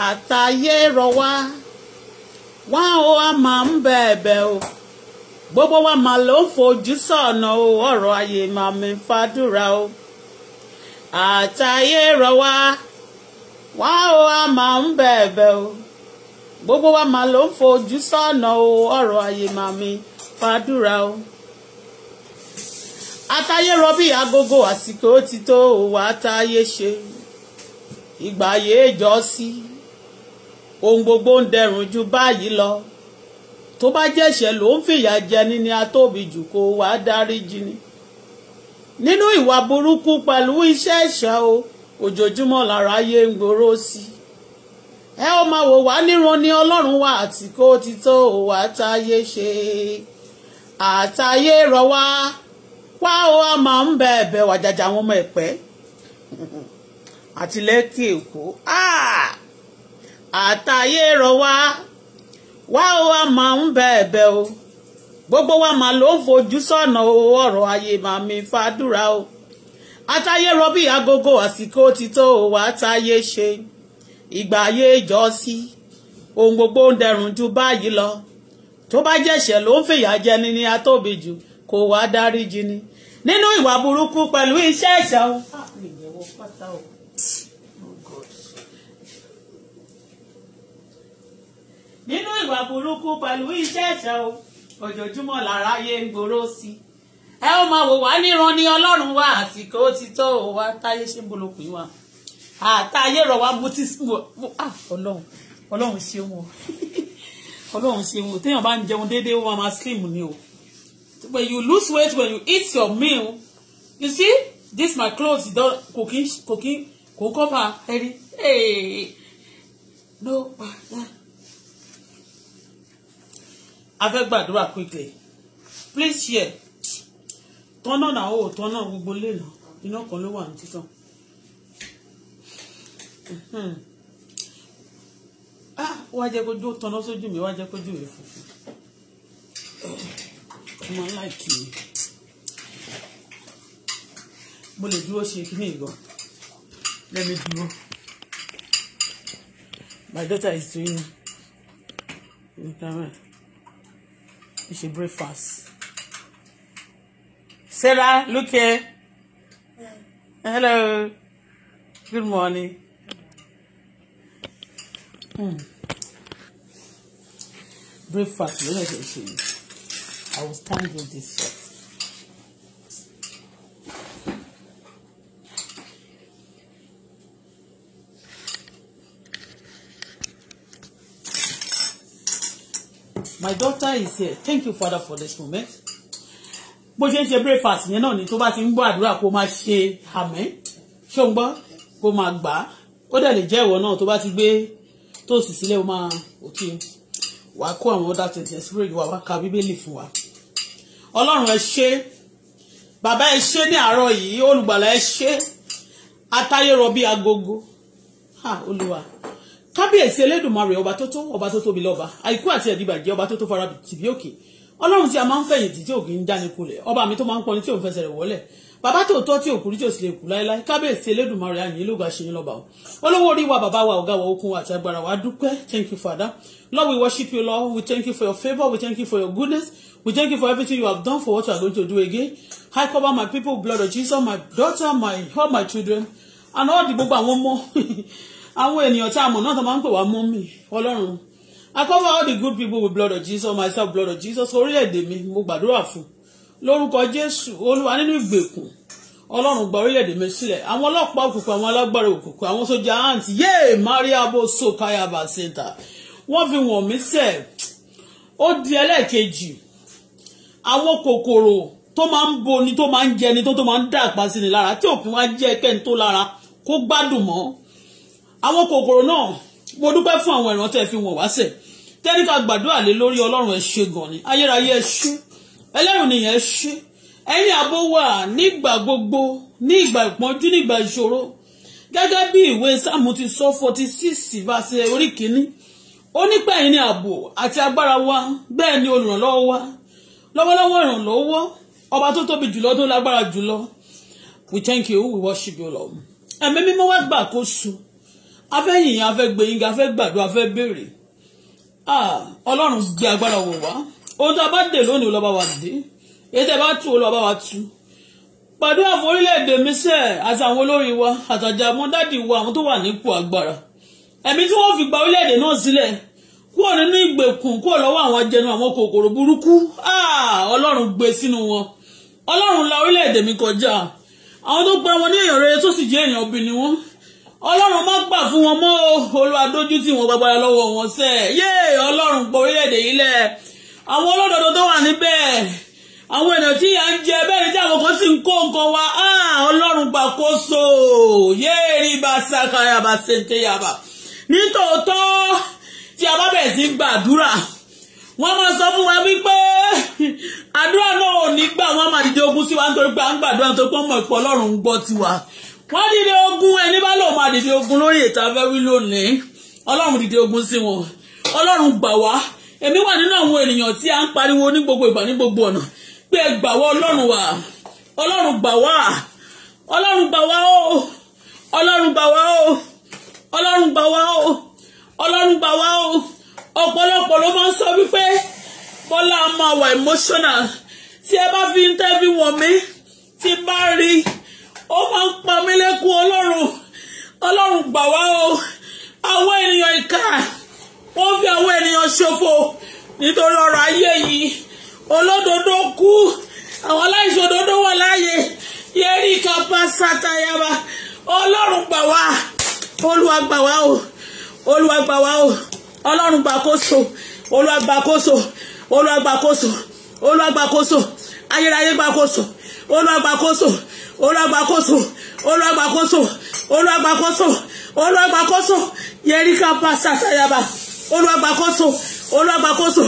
àtayé rọ̀ wá wá o a o gbogbo wa ma lo ń fojú sọ̀nà o ọ̀rọ̀ ayé máa mi fàdúrà o àtayé rọ̀ wá wá o a o gbogbo wa ma lo ń fojú sọ̀nà o ọ̀rọ̀ ayé máa mi fàdúrà o àtayé bi agogo àsìkò ti tó o wà á táyé ṣe ìgbà yéé jọ sí. Si ohun gbogbo ń dẹrùn ju báyìí lọ tó bá jẹ́ṣẹ̀ ló ń fìyà jẹni ni atóbi jù kó wá dáríjì ni nínú ìwà burúkú pẹ̀lú iṣẹ́ ẹ̀ṣẹ̀ o ojoojúmọ́ lára ayé ń gbòòrò sí ẹ ó máa wò wá níran ní ọlọ́run wa àti kó ti tó wà táyé ṣe àtàyé rọ̀ wá wá ó a máa ń bẹ ẹ̀bẹ̀ wàjàjà àwọn ọmọ ẹ̀pẹ́ àti lẹ́kì èkó ah! àtàyè rọ̀ wá wá máa ń bẹ̀ẹ̀bẹ̀ o gbogbo wa máa ló ń fojú o ọrọ ayé máa mi fàdúrà o àtàyè bí agogo àsìkò ti tó o wá táyé ṣe ìgbà ayé ìjọ sí ohun gbogbo ń dẹrùn ju báyìí lọ tó bá jẹ̀ṣẹ̀ ló ń fìyà jẹni ní atóbi jù kò wá dáríjì ni nínú ìwà burúkú pẹ̀lú iṣẹ́ o. Ah, nínú ìwà burúkú pẹ̀lú iṣẹ́ ẹ̀ṣẹ̀ o ojoojúmọ́ lára yé ń gbòòrò sí i ẹ ó máa wò wá níran ní ọlọ́run wa àsìkò ti tó o wa táyé ṣe ń bolokùn wa àtàyè rọ̀ wá mo ti mo ọlọ́run ọlọ́run ṣeun o ọlọ́run ṣeun o téèyàn bá ń jẹun déédéé ó máa slim ni o when you lose weight when you eat your meal you see this my clothes don kò kí kò kí kò kọ́ pa ẹ̀rí no ah, ah a fẹ́ gbàdúrà quickly please share tọ́nà náà ò oh, tọ́nà gbogbo lẹ́nà iná kan ló wà ní títàn. Hmm. Ah, wá jẹ́ kójú ó tọ́nà sójú mi wá jẹ́ kójú rẹ̀ funfun ọmọ láìkì mi e. mo lè dúró ṣe kí ní ìgbọ́n let me dúró my daughter is doing it should ṣe fast, Sarah, look here. Hello. Good morning. Mm. Breakfast. I was stand with this. my daughter is here thank you father for this moment bó ṣe ń ṣe breakfast yẹn náà ni tó bá ti ń gbọ́ àdúrà kó máa ṣe àmín ṣó ń gbọ́ kó máa gbà á ó dẹ̀ lè jẹ́ ìwọ náà tó bá ti gbé tóòsì sílẹ̀ ó máa òkè wà á kó àwọn ọ̀dà tẹ̀sí ẹ̀sìpírè yìí wà wá ka bíbélì fún wa ọlọ́run ẹ ṣé bàbá ẹ ṣé ní àárọ̀ yìí olùgbàlà ẹ ṣé atayérọbí agogo ha olúwa kábíyèsí elédùnmarè ọba tó tó ọba tó tóbi lọ́ba àìkú àti ẹ̀dìbàjẹ́ ọba tó tó fara tìbí òkè ọlọ́run tí a máa ń fẹ̀yìntì tí òkè ń dáni kulẹ̀ ọba mi tó máa ń pọnni tí òun fẹsẹ̀ rẹ̀ wọlẹ̀ bàbá tó tọ́ tí òkú rí tí ò sì lè kú láéláé kábíyèsí elédùnmarè àyìn ló ga ṣe yín lọ́ba o olówó orí wa bàbá wa ọ̀gá wa okun wa àti agbára wa dúpẹ́ thank you father lord we worship you lord we thank you for your favour we thank you for your goodness we thank you for everything you have done for what you are going to do again i cover my people blood of jesus my daughter my all my children and all the gbogbo àwọn ọmọ àwọn ènìyàn tí a mọ̀ náà tó máa ń pè wá mọ́ mi ọlọ́run I cover all the good people with blood of Jesus myself blood of Jesus orílẹ̀-èdè mi mo gbàdúrà fún lórúkọ Jésù olúwa nínú ìgbèkùn ọlọ́run gba orílẹ̀-èdè mi sílẹ̀ àwọn ọlọ́pàá òkùnkùn àwọn alágbára òkùnkùn àwọn sójà ant yéè maria bo so kayaba center wọ́n fi wọ̀n mí sẹ̀ ó di ẹlẹ́ẹ̀kejì àwọn kòkòrò tó máa ń boni tó máa ń jẹni tó tó máa ń dàgbà sí ni lára tí òpin wá jẹ́ kẹ́ni tó lára kó gbádùn mọ́ àwọn kòkòrò náà mo dúpẹ́ fún àwọn ìran tẹ́ fi wọ̀n wá sẹ̀ tẹ́ríkà gbàdúrà lé lórí ọlọ́run ẹ ṣé gan ni ayérayé ẹ ṣú ẹlẹ́rù nìyẹn ṣú ẹ̀yin àbó wà nígbà gbogbo ní ìgbà ìpọ́njú ní ìgbà ìṣòro gẹ́gẹ́ bí ìwé sáàmù ti sọ forty six verse orí kìíní ó nípa ẹ̀yin ni ààbò àti agbára wa bẹ́ẹ̀ ni olùrànlọ́wọ́ wa lọ́wọ́lọ́wọ́ ìrànlọ́wọ́ ọba tó tóbi jùlọ tó lágbára jùlọ we thank you we worship you Lord ẹ̀mí mímọ́ wá gbà kó sùn afẹ́yìn afẹ́ gbẹ̀yìngà afẹ́ gbàdúrà afẹ́ béèrè ọlọ́run gbé agbára wò wá ohun tá a bá dè lónìí lọ́ba wa dé èyí tẹ́ bá tù ó lọ́ba wa tù gbàdúrà fún orílẹ̀-èdè mi sẹ́ àti olórí wa àtàjà àwọn dádì wa àwọn tó wà nípò agbára ẹ̀mí tí wọ́n fi gba orílẹ̀-èdè náà sílẹ̀ kúrò nínú ìgbèkùn kúrò lọ́wọ́ àwọn ajẹnu àwọn kòkòrò burúkú ọlọ́run gbé e sínú wọn ọlọ́run la orílẹ̀-èdè mi kọjá àwọn tó gba wọn ní èèyàn rere tó sì jẹ́ èèyàn obìnrin wọn ọlọ́run má gbà fún wọn mọ́ olúwa dójú tì wọ́n gbàgbára lọ́wọ́ wọn sẹ́ yé ọlọ́run gba èdè yìí lẹ̀ àwọn olódodo tó wà níbẹ̀ àwọn èèyàn tí à ń jẹ bẹ́ẹ̀ tí àwọn kan sì ń kó nǹkan wa ọlọ́run gbàkóso yé rí bá sákàyà bá ṣètè yàbá nítòótọ́ tí a bá bẹ̀rẹ̀ sí gbàdúrà wọ́n máa sọ fún wa wípé àdúrà náà ò ní gbà wọ́n máa dìde ogun sí wa nítorí pé à ń gbàdúrà nítorí pé wọ́n mọ̀ ìpọ́ ọlọ́run ń gbọ́ tiwa wọ́n dìde ogun ẹni bá lòun máa dìde ogun lórí ètò abẹ́wí lónìí ọlọ́run dìde ogun sí wọn ọlọ́run gbà wá èmi wà nínú àwọn ènìyàn tí a ń pariwo ní gbogbo ìgbà ní gbogbo ọ̀nà pé ẹ gbà wá ọlọ́run wá ọlọ́run gbà wá ọlọ́run gbà wá o ọlọ́run gbà wá o ọlọ́run gbà wá o ọlọ́run gbà wá o ọ̀pọ̀lọpọ̀ ló máa ń sọ wípé bọ́lá máa wà emotional tí ẹ bá fi ń tẹ́bí wọ̀n mi tí bá rí ó máa ń pa gbà wá o àwọn ènìyàn ìkà wọ́n fi àwọn ènìyàn ṣòfò nítorí ọ̀rọ̀ ayé yìí olódodo kú àwọn aláìṣòdodo wà láàyè yẹrí kápá sátayaba ọlọ́run gbà wá olúwa gbà wá o olúwa gbà wá o ọlọ́run gbàkóso olúwa gbàkóso olúwa gbàkóso olúwa gbàkóso ayérayé gbàkóso olúwa gbàkóso olúwa gbàkóso olúwa gbàkóso olúwa gbàkóso. Olúwa gbàkóso yẹríkà pàṣẹ àtàyàbà Olúwa gbàkóso Olúwa gbàkóso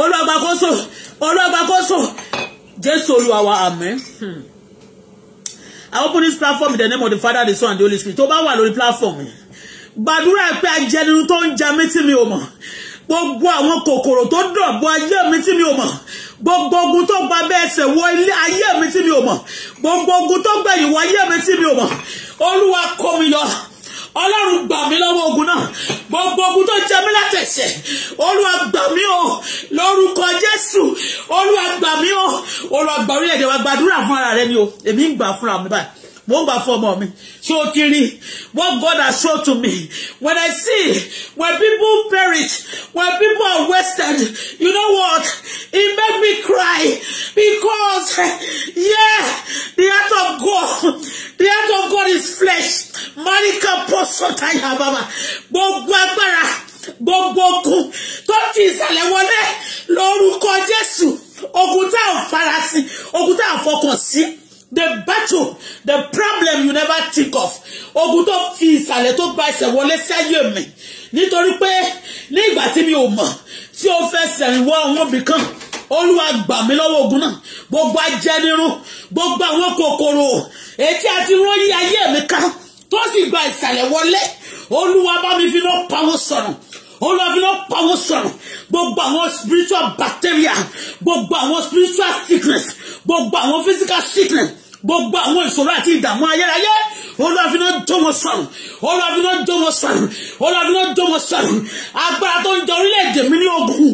Olúwa gbàkóso Olúwa gbàkóso Jésù Olúwa wa àmín. Hmm. I open this platform in the name of the Father, the Son, and the Holy Spirit. Tó bá wà lórí platform yìí. Gbàdúrà pé ajẹnirun tó ń jẹ mí tí mi ò mọ̀. Gbogbo àwọn kòkòrò tó dọ̀bọ̀ ayé mi tí mi ò mọ̀. Gbogbo ogun tó gba bẹ́ ẹsẹ̀ wọ ilé ayé mi tí mi ò mọ̀. Gbogbo ogun tó gbẹ̀yìn wọ ayé mi tí mi ò mọ̀. Olúwa kó mi yọ ọlọ́run gbà mí lọ́wọ́ ogun náà gbogbo ogun tó jẹ mí látẹ̀sẹ̀ olúwa gbà mí o lórúkọ jésù olúwa gbà mí o olúwa gbà orílẹ̀-èdè wa gbàdúrà fún ara rẹ ni o èmi ń gbà fúnra mi báyìí wọ́n wà fún ọmọ mi ṣé o ti rí what God has shown to me when I see when people perish when people are wasted you know what it make me cry because yeah the heart of God the heart of God is flesh marika pọ́sọ̀tàyà bàbá gbogbo agbára gbogbo ogun tó ti ìsàlẹ̀ wọlé lórúkọ Jésù ogun tá a farasin the battle the problem you never think of ogun tó fi ìsàlẹ̀ tó gba ẹsẹ̀ wọlé sí ayé mi nítorí pé ní ìgbà tí mi ò mọ̀ tí ó fẹ́ sẹ̀rìn wọ àwọn ibì kan olúwa gbà mí lọ́wọ́ ogun náà gbogbo ajẹnirun gbogbo àwọn kòkòrò etí àti ròyìn ayé mi ká tó sì gba ìsàlẹ̀ wọlé olúwa bá mi fi náà pawó sọ̀rọ̀ olúwa fi náà pawó gbogbo àwọn spiritual bacteria gbogbo àwọn spiritual sickness gbogbo àwọn physical sickness gbogbo àwọn ìṣòro àti ìdààmú ayérayé olùwàfínà jọmọ sọrùn olùwàfínà jọmọ sọrùn olùwàfínà jọmọ sọrùn agbára tó ń jẹ orílẹ̀-èdè mi ní ogun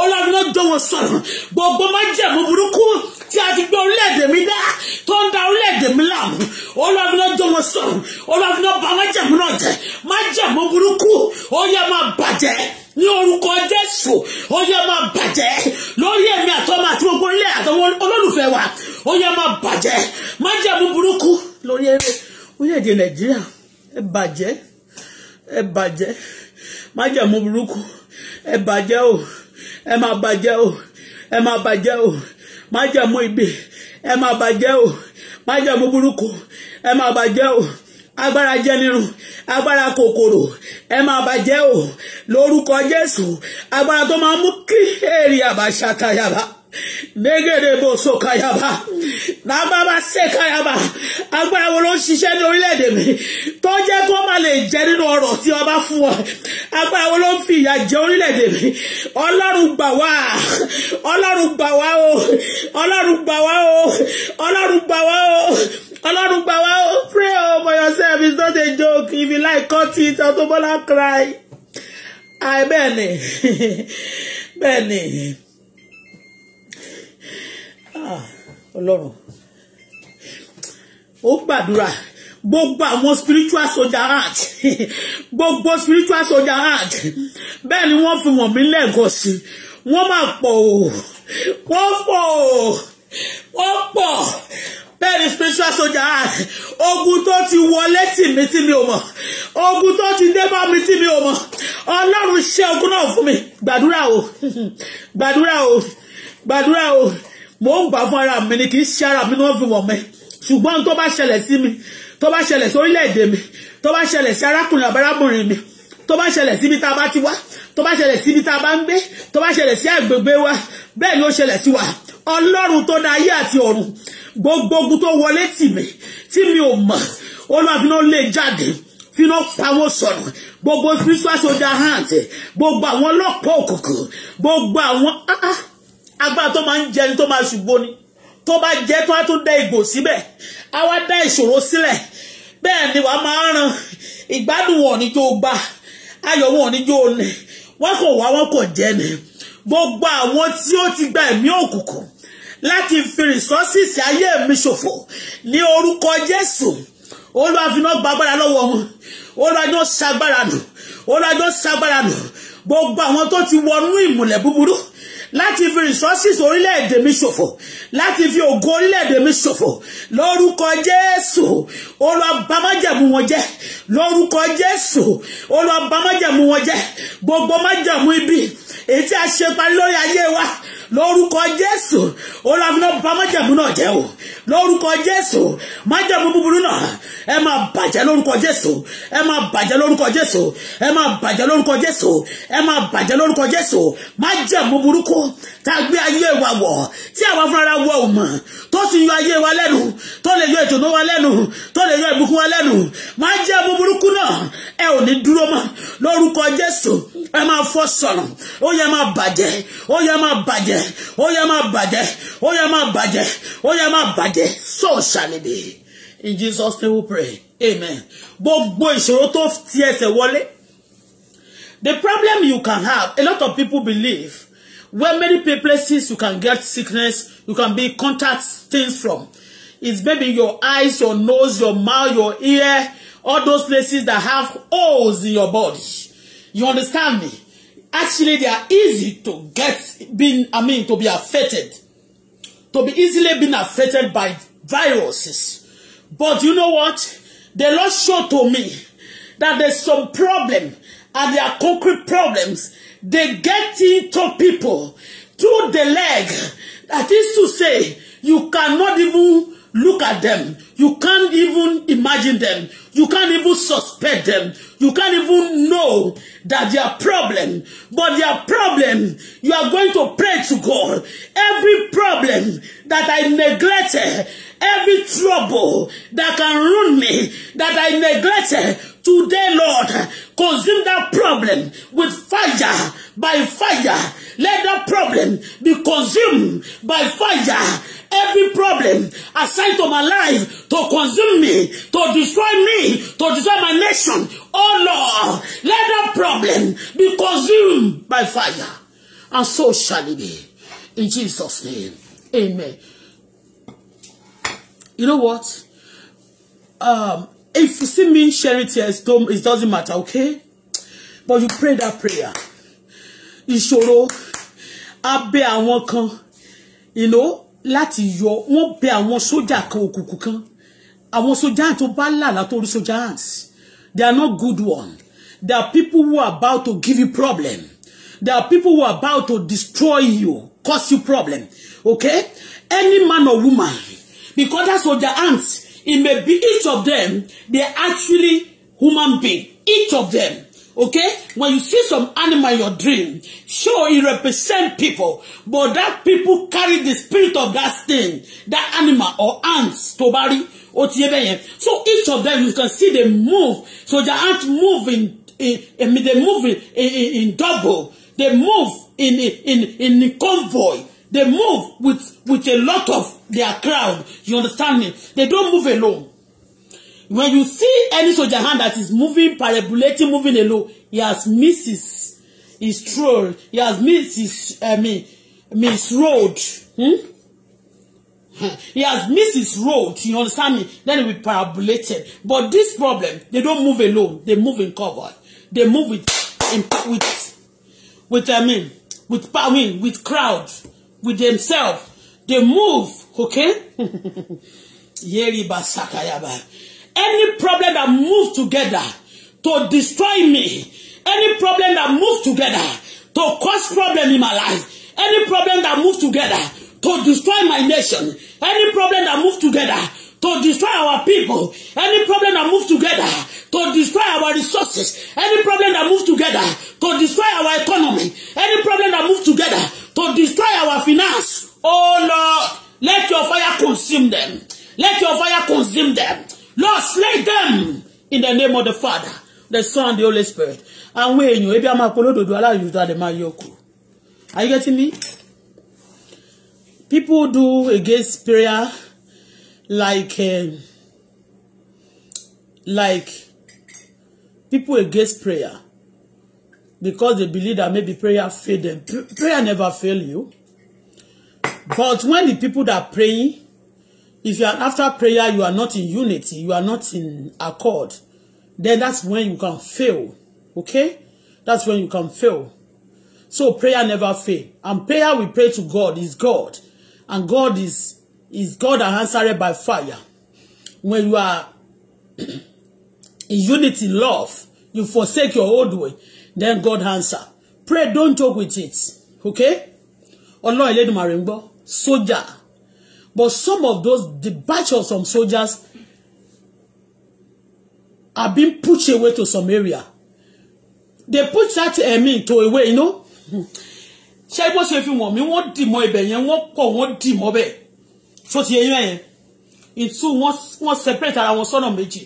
olùwàfínà jọmọ sọrùn gbogbo májẹ̀mú burúkú tí a ti gbé orílẹ̀-èdè mi dá tó ń da orílẹ̀-èdè mi láàmú olùwàfínà jọmọ sọrùn olùwàfínà bà májẹ̀mú náà jẹ́ májẹ̀mú burúkú ó yẹ máa bàjẹ́ ní orúkọ jésù ó yẹ máa bàjẹ́ lórí ẹ̀mí àtọ́mọ àti gbogbo ilé àtọwọ́ olólùfẹ́ wa ó yẹ máa bàjẹ́ májẹ̀mú burúkú lórí eré orílẹ̀-èdè nàìjíríà ẹ bàjẹ́ ẹ bàjẹ́ májẹ̀mú burúkú ẹ bàjẹ́ o ẹ máa bàjẹ́ o ẹ máa bàjẹ́ o májẹ̀mú ibi ẹ máa bàjẹ́ o májẹ̀mú burúkú ẹ máa bàjẹ́ o agbára jẹnirun agbára kòkòrò ẹ máa bàjẹ́ o lórúkọ jésù agbára tó máa mú kí èrè àbáṣá tayaba mẹ́gẹ̀dẹ̀ bò kayaba nàbà bá ṣe kayaba agbára wo ló ń ṣiṣẹ́ ní orílẹ̀-èdè mi tó jẹ́ kó má lè jẹ nínú ọrọ̀ tí ọba fún ọ agbára wo ló ń fi ìyà jẹ orílẹ̀-èdè mi ọlọ́run gbà wá ọlọ́run gbà wá o ọlọ́run gbà wá o ọlọ́run gbà wá o ọlọ́run gbà wá o pray o for yourself it's not a joke if you like cut it Auto Bola cry. àì bẹ́ẹ̀ ni bẹ́ẹ̀ ni. ọlọ́run ó gbàdúrà gbogbo àwọn spiritual soldier heart gbogbo spiritual soldier heart bẹ́ẹ̀ ni wọ́n fi wọ̀n mí lẹ́ẹ̀kan sí wọ́n máa pọ̀ o wọ́n pọ̀ o wọ́n pọ̀ bẹ́ẹ̀ ni spiritual soldier heart ogun tó ti wọlé tì mí tí mi ò mọ̀ ogun tó ti dé bá mi tí mi ò mọ̀ ọlọ́run ṣe ogun náà fún mi gbàdúrà o gbàdúrà o gbàdúrà o mò ń gbà fún ara mi ni kì í ṣe ara mi ni wọ́n fi wọ̀n mi ṣùgbọ́n tó bá ṣẹlẹ̀ sí mi tó bá ṣẹlẹ̀ sí orílẹ̀-èdè mi tó bá ṣẹlẹ̀ sí arákùnrin àbárábùnrin mi tó bá ṣẹlẹ̀ síbi tá a bá ti wá tó bá ṣẹlẹ̀ síbi tá a bá ń gbé tó bá ṣẹlẹ̀ sí àgbègbè wa bẹ́ẹ̀ ni ó ṣẹlẹ̀ sí wa ọlọ́run tó dá ayé àti ọ̀run gbogbo ogun tó wọlé tì mí tí mi ò mọ̀ olúwa fi náà lè e jáde fi pawó sọ̀rọ̀ gbogbo spiritual soldier hand gbogbo àwọn ọlọ́pàá òkùnkùn gbogbo àwọn ah ah agbára tó máa ń jẹni tó máa ṣùgbọ́n ni tó bá jẹ́ tó wá tó dá ìgò síbẹ̀ á wá dá ìṣòro sílẹ̀ bẹ́ẹ̀ ni wàá máa ran ìgbádùn wọn ní jó gbà ayọ̀ wọn ní jó nì wọ́n kò wá wọ́n kò jẹ́ ni gbogbo àwọn tí ó ti gba ẹ̀mí òkùnkùn láti fi resources ayé mi ṣòfò ní orúkọ Jésù Olúwa fi lọ́wọ́ wọn Olúwa jọ nù Olúwa jọ nù gbogbo àwọn tó ti wọnú ìmùlẹ̀ búburú láti fi resources orílẹ̀-èdè mi ṣòfò láti fi ògo orílẹ̀-èdè mi ṣòfò lórúkọ Jésù olùbámájẹ̀mú wọn jẹ́ lórúkọ Jésù olùbámájẹ̀mú wọn jẹ́ gbogbo májẹ̀mú ibi èyí tí a ṣe parí lórí ayé wa lórúkọ jésù olùwàfínà bá májẹ̀mú náà jẹ́ o lórúkọ jésù májẹ̀mú búburú náà ẹ máa bàjẹ́ lórúkọ jésù ẹ máa bàjẹ́ lórúkọ jésù ẹ máa bàjẹ́ lórúkọ jésù ẹ máa bàjẹ́ lórúkọ jésù májẹ̀mú burúkú tá gbé ayé wa wọ̀ tí àwa fúnra wa ò mọ̀ tó sì yọ ayé wa lẹ́nu tó lè yọ ìtùnú wa lẹ́nu tó lè yọ ìbùkún wa lẹ́nu máa jẹ́ ọmọ burúkú náà ẹ ò ní dúró mọ́ lórúkọ Jésù ẹ máa fọ́ sọ̀rọ̀ ó yẹ máa bàjẹ́ ó yẹ máa bàjẹ́ ó yẹ máa bàjẹ́ ó yẹ máa bàjẹ́ ó yẹ máa bàjẹ́ so shall it be in Jesus name we pray amen gbogbo ìṣòro tó ti ẹsẹ̀ wọlé the problem you can have a lot of people believe where many places you can get sickness, you can be contact things from. It's maybe your eyes, your nose, your mouth, your ear, all those places that have holes in your body. You understand me? Actually, they are easy to get, being, I mean, to be affected. To be easily being affected by viruses. But you know what? The Lord showed to me that there's some problem and there are concrete problems they get into people through the leg. That is to say, you cannot even look at them. You can't even imagine them. You can't even suspect them. You can't even know that they are problem. But their problem, you are going to pray to God. Every problem that I neglected, every trouble that can ruin me, that I neglected, Today, Lord, consume that problem with fire, by fire. Let that problem be consumed by fire. Every problem assigned to my life to consume me, to destroy me, to destroy my nation. Oh Lord, let that problem be consumed by fire. And so shall it be. In Jesus' name, amen. You know what? Um, if you see me sharing tears, don't, it doesn't matter, okay? But you pray that prayer. Ìṣòro, a bẹ àwọn kan, you know, láti yọ, wọ́n bẹ àwọn sójà kan òkùnkùn kan. Àwọn sójà tó bá làlá tó rí sójà They are not good one. There are people who are about to give you problem. There are people who are about to destroy you, cause you problem. Okay? Any man or woman, because that's what their hands it may be each of them they actually human being each of them okay when you see some animal in your dream sure it represent people but that people carry the spirit of that thing that animal or ants to bá rí ó ti yé bẹ́ẹ̀ yẹn so each of them you can see they move so the ants move in in i they move in in in double they move in in in, in convoy They move with, with a lot of their crowd. You understand me? They don't move alone. When you see any soldier hand that is moving, parabolating, moving alone, he has missed his, his troll. He has missed his, I mean, Miss road. Hmm? he has missed his road you understand me then he be parabolated but this problem they don't move alone they move in cover they move with with with i mean with power, with crowd with themselves they move okay any problem that move together to destroy me any problem that move together to cause problem in my life any problem that move together to destroy my nation any problem that move together to destroy our people, any problem that moves together to destroy our resources, any problem that moves together to destroy our economy, any problem that moves together to destroy our finance. Oh Lord, let your fire consume them. Let your fire consume them. Lord, slay them in the name of the Father, the Son, and the Holy Spirit. Àwọn èèyàn ebi a máa polódodo aláyùúta lè Are you getting me? People do against prayer like um, like people against prayer because they believe that maybe prayer failed them. P prayer never fail you. But when the people that are praying, if you are after prayer, you are not in unity, you are not in accord, then that's when you can fail. Okay? That's when you can fail. So prayer never fail. And prayer we pray to God is God. And God is is God that answered by fire. When you are in unity, love, you forsake your old way, then God answer. Pray, don't talk with it. Okay? Ọlọ́run Elédùmarè ń gbọ́, soldier. But some of those, the batch of some soldiers are being pushed away to some area. They push that I uh, eh, mean to away, you know? Ṣé bó ṣe fi wọ̀n mí, wọ́n dìmọ̀ ibẹ̀ yẹn, wọ́n kọ̀ wọ́n dìmọ̀ So ti in two ìtú wọ́n separate ara wọn sọ́nà méjì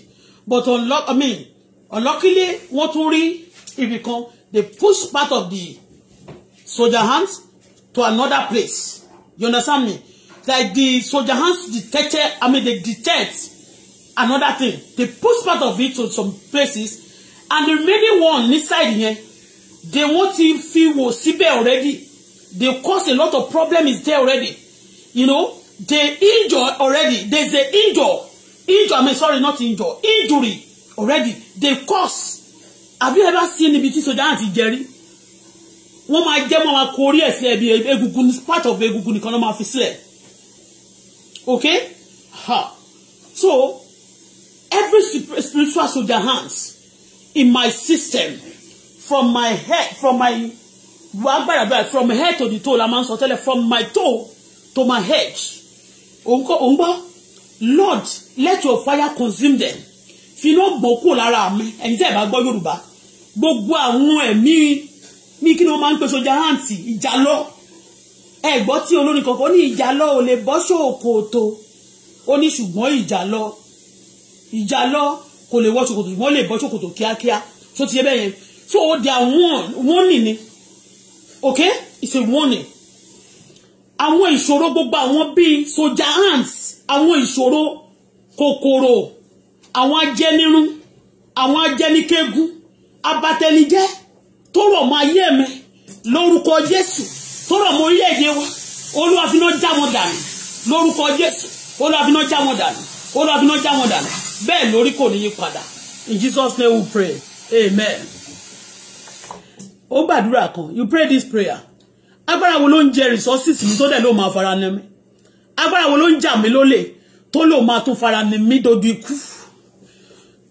but unlock, I mean, unluckily wọ́n tún rí ibì kan they push part of the soldier hands to another place you understand me like the soldier hands detected I mean they detect another thing they push part of it to some places and the remaining one inside here, they wọ́n ti feel was síbẹ̀ already they cause a lot of problem is there already you know they injure already They say injure injure i mean sorry not injure injury already they cause have you ever seen ibi tí sojà àti jẹrí wọ́n máa jẹ́ wọ́n máa kó orí ẹ̀ sílẹ̀ ẹbí egungun part of egungun nìkan ló máa fi sílẹ̀ okay ha so every spiritual soldier hands in my system from my head from my wàá gbàdàgbà from head to the toe la máa ń sọ tẹ́lẹ̀ from my toe to my head òun gbọ́ Lord let your fire consume them fi iná gbọ́n kúrò lára mi ẹ̀yin tẹ́ ẹ̀ bá gbọ́ Yorùbá gbogbo àwọn ẹ̀mí mi kí ni wọ́n máa ń pe sójà àǹtí ìjàlọ́ ẹ̀gbọ́n tí olórin kankan ní ìjàlọ́ ò lè bọ́ ṣòkòtò ó ní ṣùgbọ́n ìjàlọ́ ìjàlọ́ kò lè wọ́ ṣòkòtò ṣùgbọ́n lè bọ́ ṣòkòtò kíákíá tó ti yẹ bẹ́ẹ̀ yẹn so ó di àwọn warning ni okay it's a warning àwọn ìṣòro gbogbo àwọn bíi soja ants àwọn ìṣòro kòkòrò àwọn ajẹnirun àwọn ajẹnikẹ́gun abatẹnijẹ́ tó rọ̀ mọ́ ayé mi lórúkọ Jésù tó rọ̀ mọ́ orílẹ̀-èdè wa Olúwa fi iná já wọn dànù lórúkọ Jésù Olúwa fi iná já wọn dànù Olúwa fi iná já wọn dànù bẹ́ẹ̀ lórí kò ní yí padà in Jesus name we pray amen. ó gbàdúrà kan you pray this prayer agbára wo ló ń jẹ resources mi tó dẹ̀ ló máa fara ni mi agbára wo ló ń jà mí lólè tó ló máa tún fara ni mí dojú ikú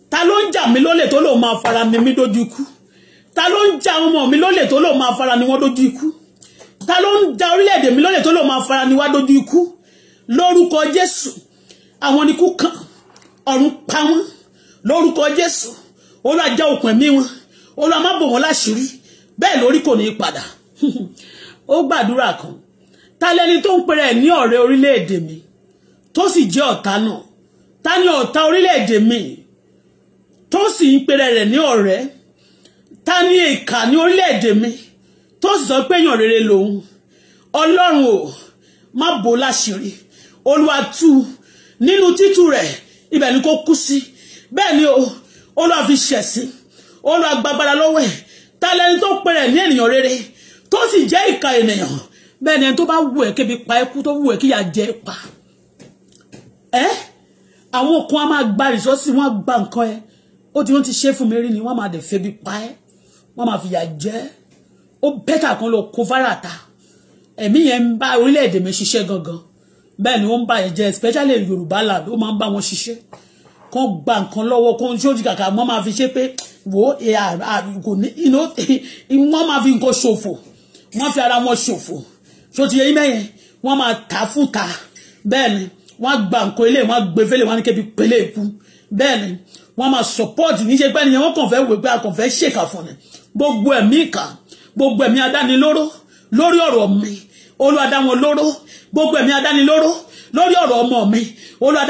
ta ló ń jà mí lólè tó ló máa fara ni mí dojú ikú ta ló ń jà ọmọ mi lólè tó ló máa fara ni wọ́n dojú ikú ta ló ń jà orílẹ̀-èdè mi lólè tó ló máa fara ni wá dojú ikú lórúkọ Jésù àwọn ikú kan ọ̀run pa wọ́n lórúkọ Jésù Olúwa òpin mi wọn Olúwa má láṣìírí bẹ́ẹ̀ lórí kò ní í padà ó gbàdúrà kan ta tó ń pèrè ní ọ̀rẹ́ orílẹ̀-èdè mi tó sì jẹ́ ọ̀tá náà ta ni ọ̀tá orílẹ̀-èdè mi tó sì ń pèrè rẹ̀ ní ọ̀rẹ́ ta ni ìkà ní orílẹ̀-èdè mi tó sì sọ pé èèyàn rere lòun ọlọ́run ò má bò láṣìírí olúwa tú nínú títú rẹ̀ ibẹ̀ ni kò kú sí bẹ́ẹ̀ ni o olúwa fi ṣẹ̀sín olúwa gbagbára lọ́wọ́ ẹ̀ ta tó pèrè ní ènìyàn rere tó sì jẹ́ ìka ènìyàn bẹ́ẹ̀ ni ẹni tó bá wù ẹ́ kébi pa ẹ́ kú tó wù ẹ́ kíyà jẹ́ pa ẹ́ àwọn kan á máa gba ìṣọ́sí wọn á gba nǹkan ẹ ó ti wọ́n ti ṣe fún mi rí ni wọ́n máa dẹ̀ febi pa ẹ́ wọ́n máa fìyà jẹ́ ó bẹ́tà kan lọ kó fárá ta ẹ̀mí yẹn ń bá orílẹ̀-èdè mi ṣiṣẹ́ gangan bẹ́ẹ̀ ni wọ́n ń bá yẹn jẹ́ especially yorùbá lab ó máa ń bá wọn ṣiṣẹ́ kan gba nǹkan lọ́wọ́ kó ń ṣojú kàkà wọ́n máa fi ṣe pé wò ó kò ní wọ́n máa fi nǹkan ṣòfò wọ́n fi ara wọn ṣòfò tó ti yẹ yín mẹ́yẹn wọ́n máa tà fún ta bẹ́ẹ̀ ni wọ́n gba nǹkan ilé wọ́n gbé fẹ́lẹ̀ wọ́n ní kébi pélé ikú bẹ́ẹ̀ ni wọ́n máa support níṣẹ́ pé ẹnìyẹn wọ́n kàn fẹ́ wò pé a kàn fẹ́ ṣèkà fún ni gbogbo ẹ̀mí ìkà gbogbo ẹ̀mí adánilóró lórí ọ̀rọ̀ mi Olúwa dá wọn lóró gbogbo ẹ̀mí adánilóró lórí ọ̀rọ̀ ọmọ mi Olúwa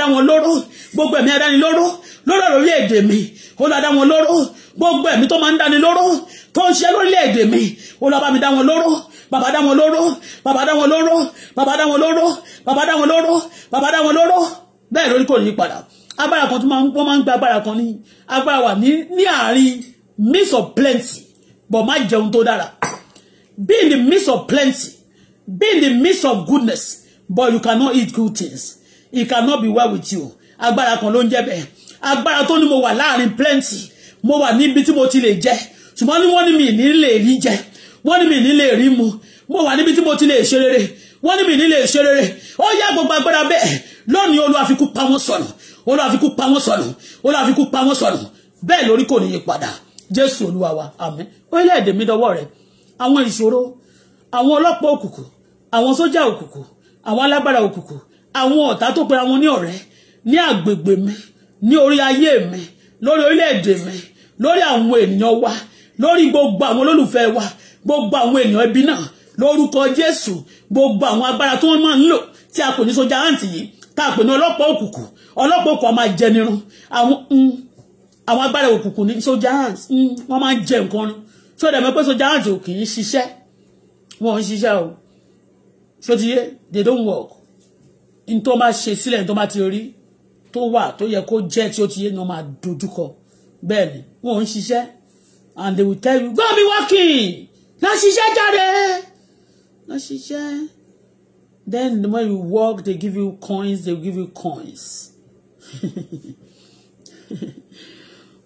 gbogbo ẹ̀mí adánilóró lórí ọ̀rọ̀ orílẹ̀-èdè mi ó lọ dá wọn lóró gbogbo ẹ̀mí tó máa ń dáni lóró tó ń ṣe lórílẹ̀-èdè mi ó lọ bá mi dá wọn lóró bàbá dá wọn lóró bàbá dá wọn lóró bàbá dá wọn lóró bàbá dá wọn lóró bàbá dá wọn lóró bẹ́ẹ̀ lórí kò ní padà agbára kan tó máa ń wọ́n máa ń gba agbára kan ní agbára wà ní ní àárín midst of plenty but má jẹun tó dára Being the miss of plenty being the miss of goodness but you cannot eat good things it cannot be well with you agbára kan ló ń jẹ́ bẹ́ẹ̀ agbára tó ní mo wà láàrin plenty mo wà níbi tí mo ti lè jẹ ṣùgbọ́n ní wọ́n ní mi ní lè rí jẹ wọ́n ní mi ní lè rí mu mo wà níbi tí mo ti lè ṣe rere wọ́n ní mi ní lè ṣe rere ó yá gbogbo agbára bẹ́ẹ̀ lónìí Olúwa fi kú pa wọ́n sọnù Olúwa fi kú pa wọ́n sọnù Olúwa fi kú pa wọ́n sọnù bẹ́ẹ̀ lórí kò ní padà Jésù Olúwa wa àmín orílẹ̀-èdè mi dọwọ́ rẹ̀ àwọn ìṣòro àwọn ọlọ́pàá òkùnkùn àwọn sójà òkùnkùn àwọn alágbára òkùnkùn àwọn ọ̀tá tó pera wọn ní ọ̀rẹ́ ní agbègbè mi ní orí ayé mi lórí orílẹ̀-èdè mi lórí àwọn ènìyàn wa lórí gbogbo àwọn olólùfẹ́ wa gbogbo àwọn ènìyàn ẹbí náà lórúkọ Jésù gbogbo àwọn agbára tó wọ́n máa ń lò tí a pè ní sójà àǹtí yìí tá a pè ní ọlọ́pàá òkùnkùn ọlọ́pàá òkùnkùn máa jẹ nírun àwọn mm, àwọn agbára òkùnkùn ní sójà àǹtí mm, wọ́n máa ń jẹ nǹkan ni tí ó dẹ̀ mọ́ pé sójà àǹtí ò kì í ṣiṣẹ́ wọ́n ń ṣiṣẹ́ o ṣó ti yé they don't work n tó bá ṣe sílẹ̀ n tó bá ti rí tó wà tó yẹ kó jẹ́ tí ó ti yé ni wọ́n máa dojúkọ bẹ́ẹ̀ ni wọ́n ń ṣiṣẹ́ and they will tell you go be working lọ ṣiṣẹ́ jáde lọ ṣiṣẹ́ then the more you work they give you coins they give you coins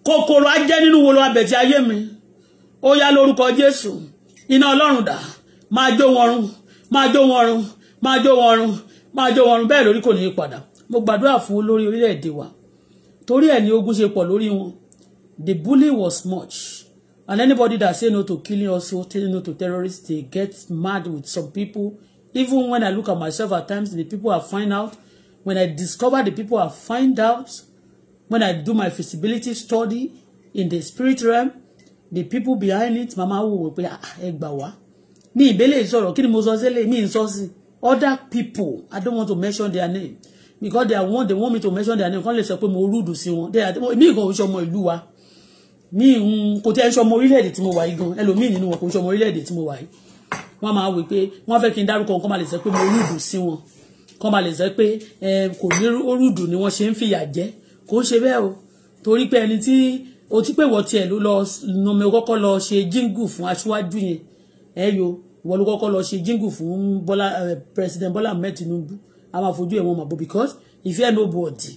kòkòrò ajẹ́ nínú wo ló abẹ̀tí ayé mi ó yá lórúkọ Jésù iná Ọlọ́run dà máa jó wọn run máa jó wọn run máa jó wọn run máa jó wọn run bẹ́ẹ̀ lórí kò ní í padà mo gbàdúrà fún olórí orílẹ̀-èdè wa torí ẹ̀ ní ogun ṣe pọ̀ lórí wọn the bully was much and anybody that say no to killing also say no to terrorists dey get mad with some people even when I look at myself at times the people I find out when I discover the people I find out when I do my feasibility study in the spirit realm the people behind it mama wo wo pe ah ẹ gbà wá mi ìbélè sọ̀rọ̀ kí ni mo sọ mi ń sọ sí other people I don't want to mention their name because they want they want me to mention their name kán lè sọ pé mo rúdù sí wọn they are mi gan oṣù ọmọ ìlú wa mi mm, kò tẹ́ ṣọmọ orílẹ̀-èdè tí mo wà yìí gan ẹlòmíì nínú wọn kò ṣọmọ orílẹ̀-èdè tí mo wà yìí wọ́n máa wí pé wọ́n fẹ́ kí n dárúkọ kán máa lè sọ pé mo rúdù sí wọn kán máa lè sọ pé kò ní orúdù ni wọ́n ṣe ń fìyà jẹ kò ń ṣe bẹ́ẹ̀ o torí pé ẹni tí o ti pé wọ́n tiẹ̀ ló lọ nomi kọ́kọ́ lọ ṣe jíngù fún aṣíwájú yẹn ẹ̀yọ ìwọ ló kọ́kọ́ lọ ṣe jíngù fún Bọ́lá President Bọ́lá Ahmed Tinubu a máa fojú ẹ̀ wọ́n because if you nobody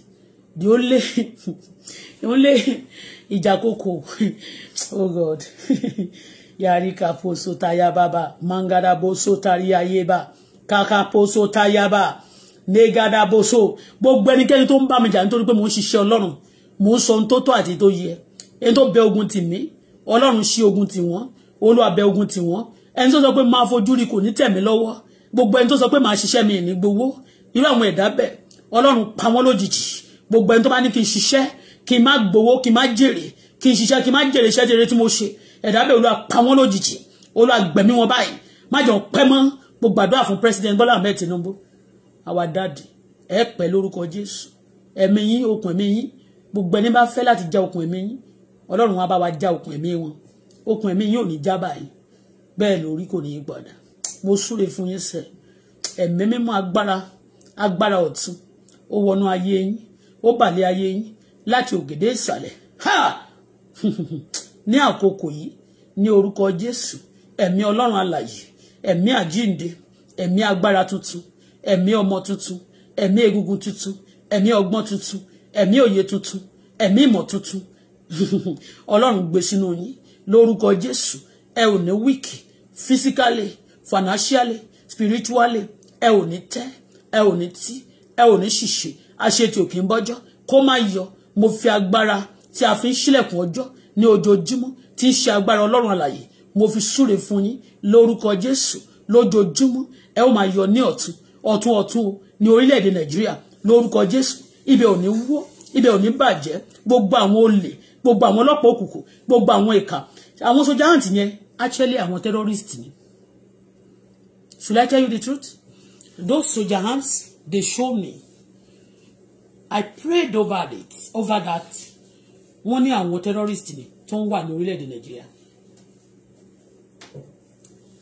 the only the only ìjàkókò oh god yàríkà poso tayababa mangada boso tariyayeba kàkà poso tayaba negada boso gbogbo ẹnikẹ́ni tó ń bá mi jà nítorí pé mò ń ṣiṣẹ́ ọlọ́run mò ń sọ ohun tó tọ́ àti tó yẹ ẹni tó bẹ ogun tì mí ọlọ́run ṣí ogun tì wọ́n olúwa bẹ ogun tì wọ́n ẹni tó sọ pé máa fojú rí kò ní tẹ̀mí lọ́wọ́ gbogbo ẹni tó sọ pé máa ṣiṣẹ́ mi ní gbowó irú àwọn ẹ̀dá bẹ́ẹ̀ ọlọ́run pa wọ́n lójijì gbogbo ẹni tó bá ní kí n ṣiṣẹ́ kí n má gbowó kí n má jèrè kí n ṣiṣẹ́ kí n má jèrè iṣẹ́ jèrè tí mo ṣe ẹ̀dá bẹ́ẹ̀ olúwa pa wọ́n lójijì olúwa gbẹ̀mí wọn báyìí má jọ pẹ́ mọ́ gbogbo àdúrà fún president Bọ́lá Ahmed Tinubu àwa dáàdì ẹ pẹ́ lórúkọ Jésù ẹ̀mí yín okùn ẹ̀mí yín gbogbo ẹni bá fẹ́ láti já okùn ẹ̀mí yín ọlọ́run wa bá wa já okùn ẹ̀mí wọn okùn ẹ̀mí yín ò ní já báyìí bẹ́ẹ̀ lórí kò ní í gbọ̀dà mo súre fún yín sẹ́ ẹ̀mí mímọ́ agbára agbára ọ̀tun ó wọnú ayé yín ó bàlẹ̀ ayé yín láti ògèdè ìsàlẹ̀ ha ní àkókò yìí ní orúkọ Jésù ẹ̀mí Ọlọ́run alàyè ẹ̀mí àjínde ẹ̀mí agbára tuntun ẹ̀mí ọmọ tuntun ẹ̀mí egungun tuntun ẹ̀mí ọgbọ́n tuntun ẹ̀mí òye tuntun ẹ̀mí ìmọ̀ tuntun Ọlọ́run gbé sínú yín lórúkọ Jésù ẹ ò ní wíìkì physically financially spiritually ẹ ò ní tẹ́ ẹ ò ní tí ẹ ò ní ṣìṣe àṣetì òkè ń bọ́jọ́ kó má yọ mo fi agbára tí a fi ń ṣílẹ̀kùn ọjọ́ ní ojoojúmọ́ tí ń ṣe agbára ọlọ́run àlàyé mo fi súre fún yín lórúkọ jésù lójoojúmọ́ ẹ ó máa yọ ní ọ̀tún ọ̀tún ọ̀tún ní orílẹ̀-èdè nàìjíríà lórúkọ jésù ibẹ̀ ò ní wó ibẹ̀ ò ní bàjẹ́ gbogbo àwọn olè gbogbo àwọn ọlọ́pàá òkùnkùn gbogbo àwọn ìka àwọn sójà yẹn actually àwọn terrorist ni should I tell you the truth? those soldier hands they show me I prayed over it over that wọ́n ní àwọn terrorist ni tó ń wà ní orílẹ̀-èdè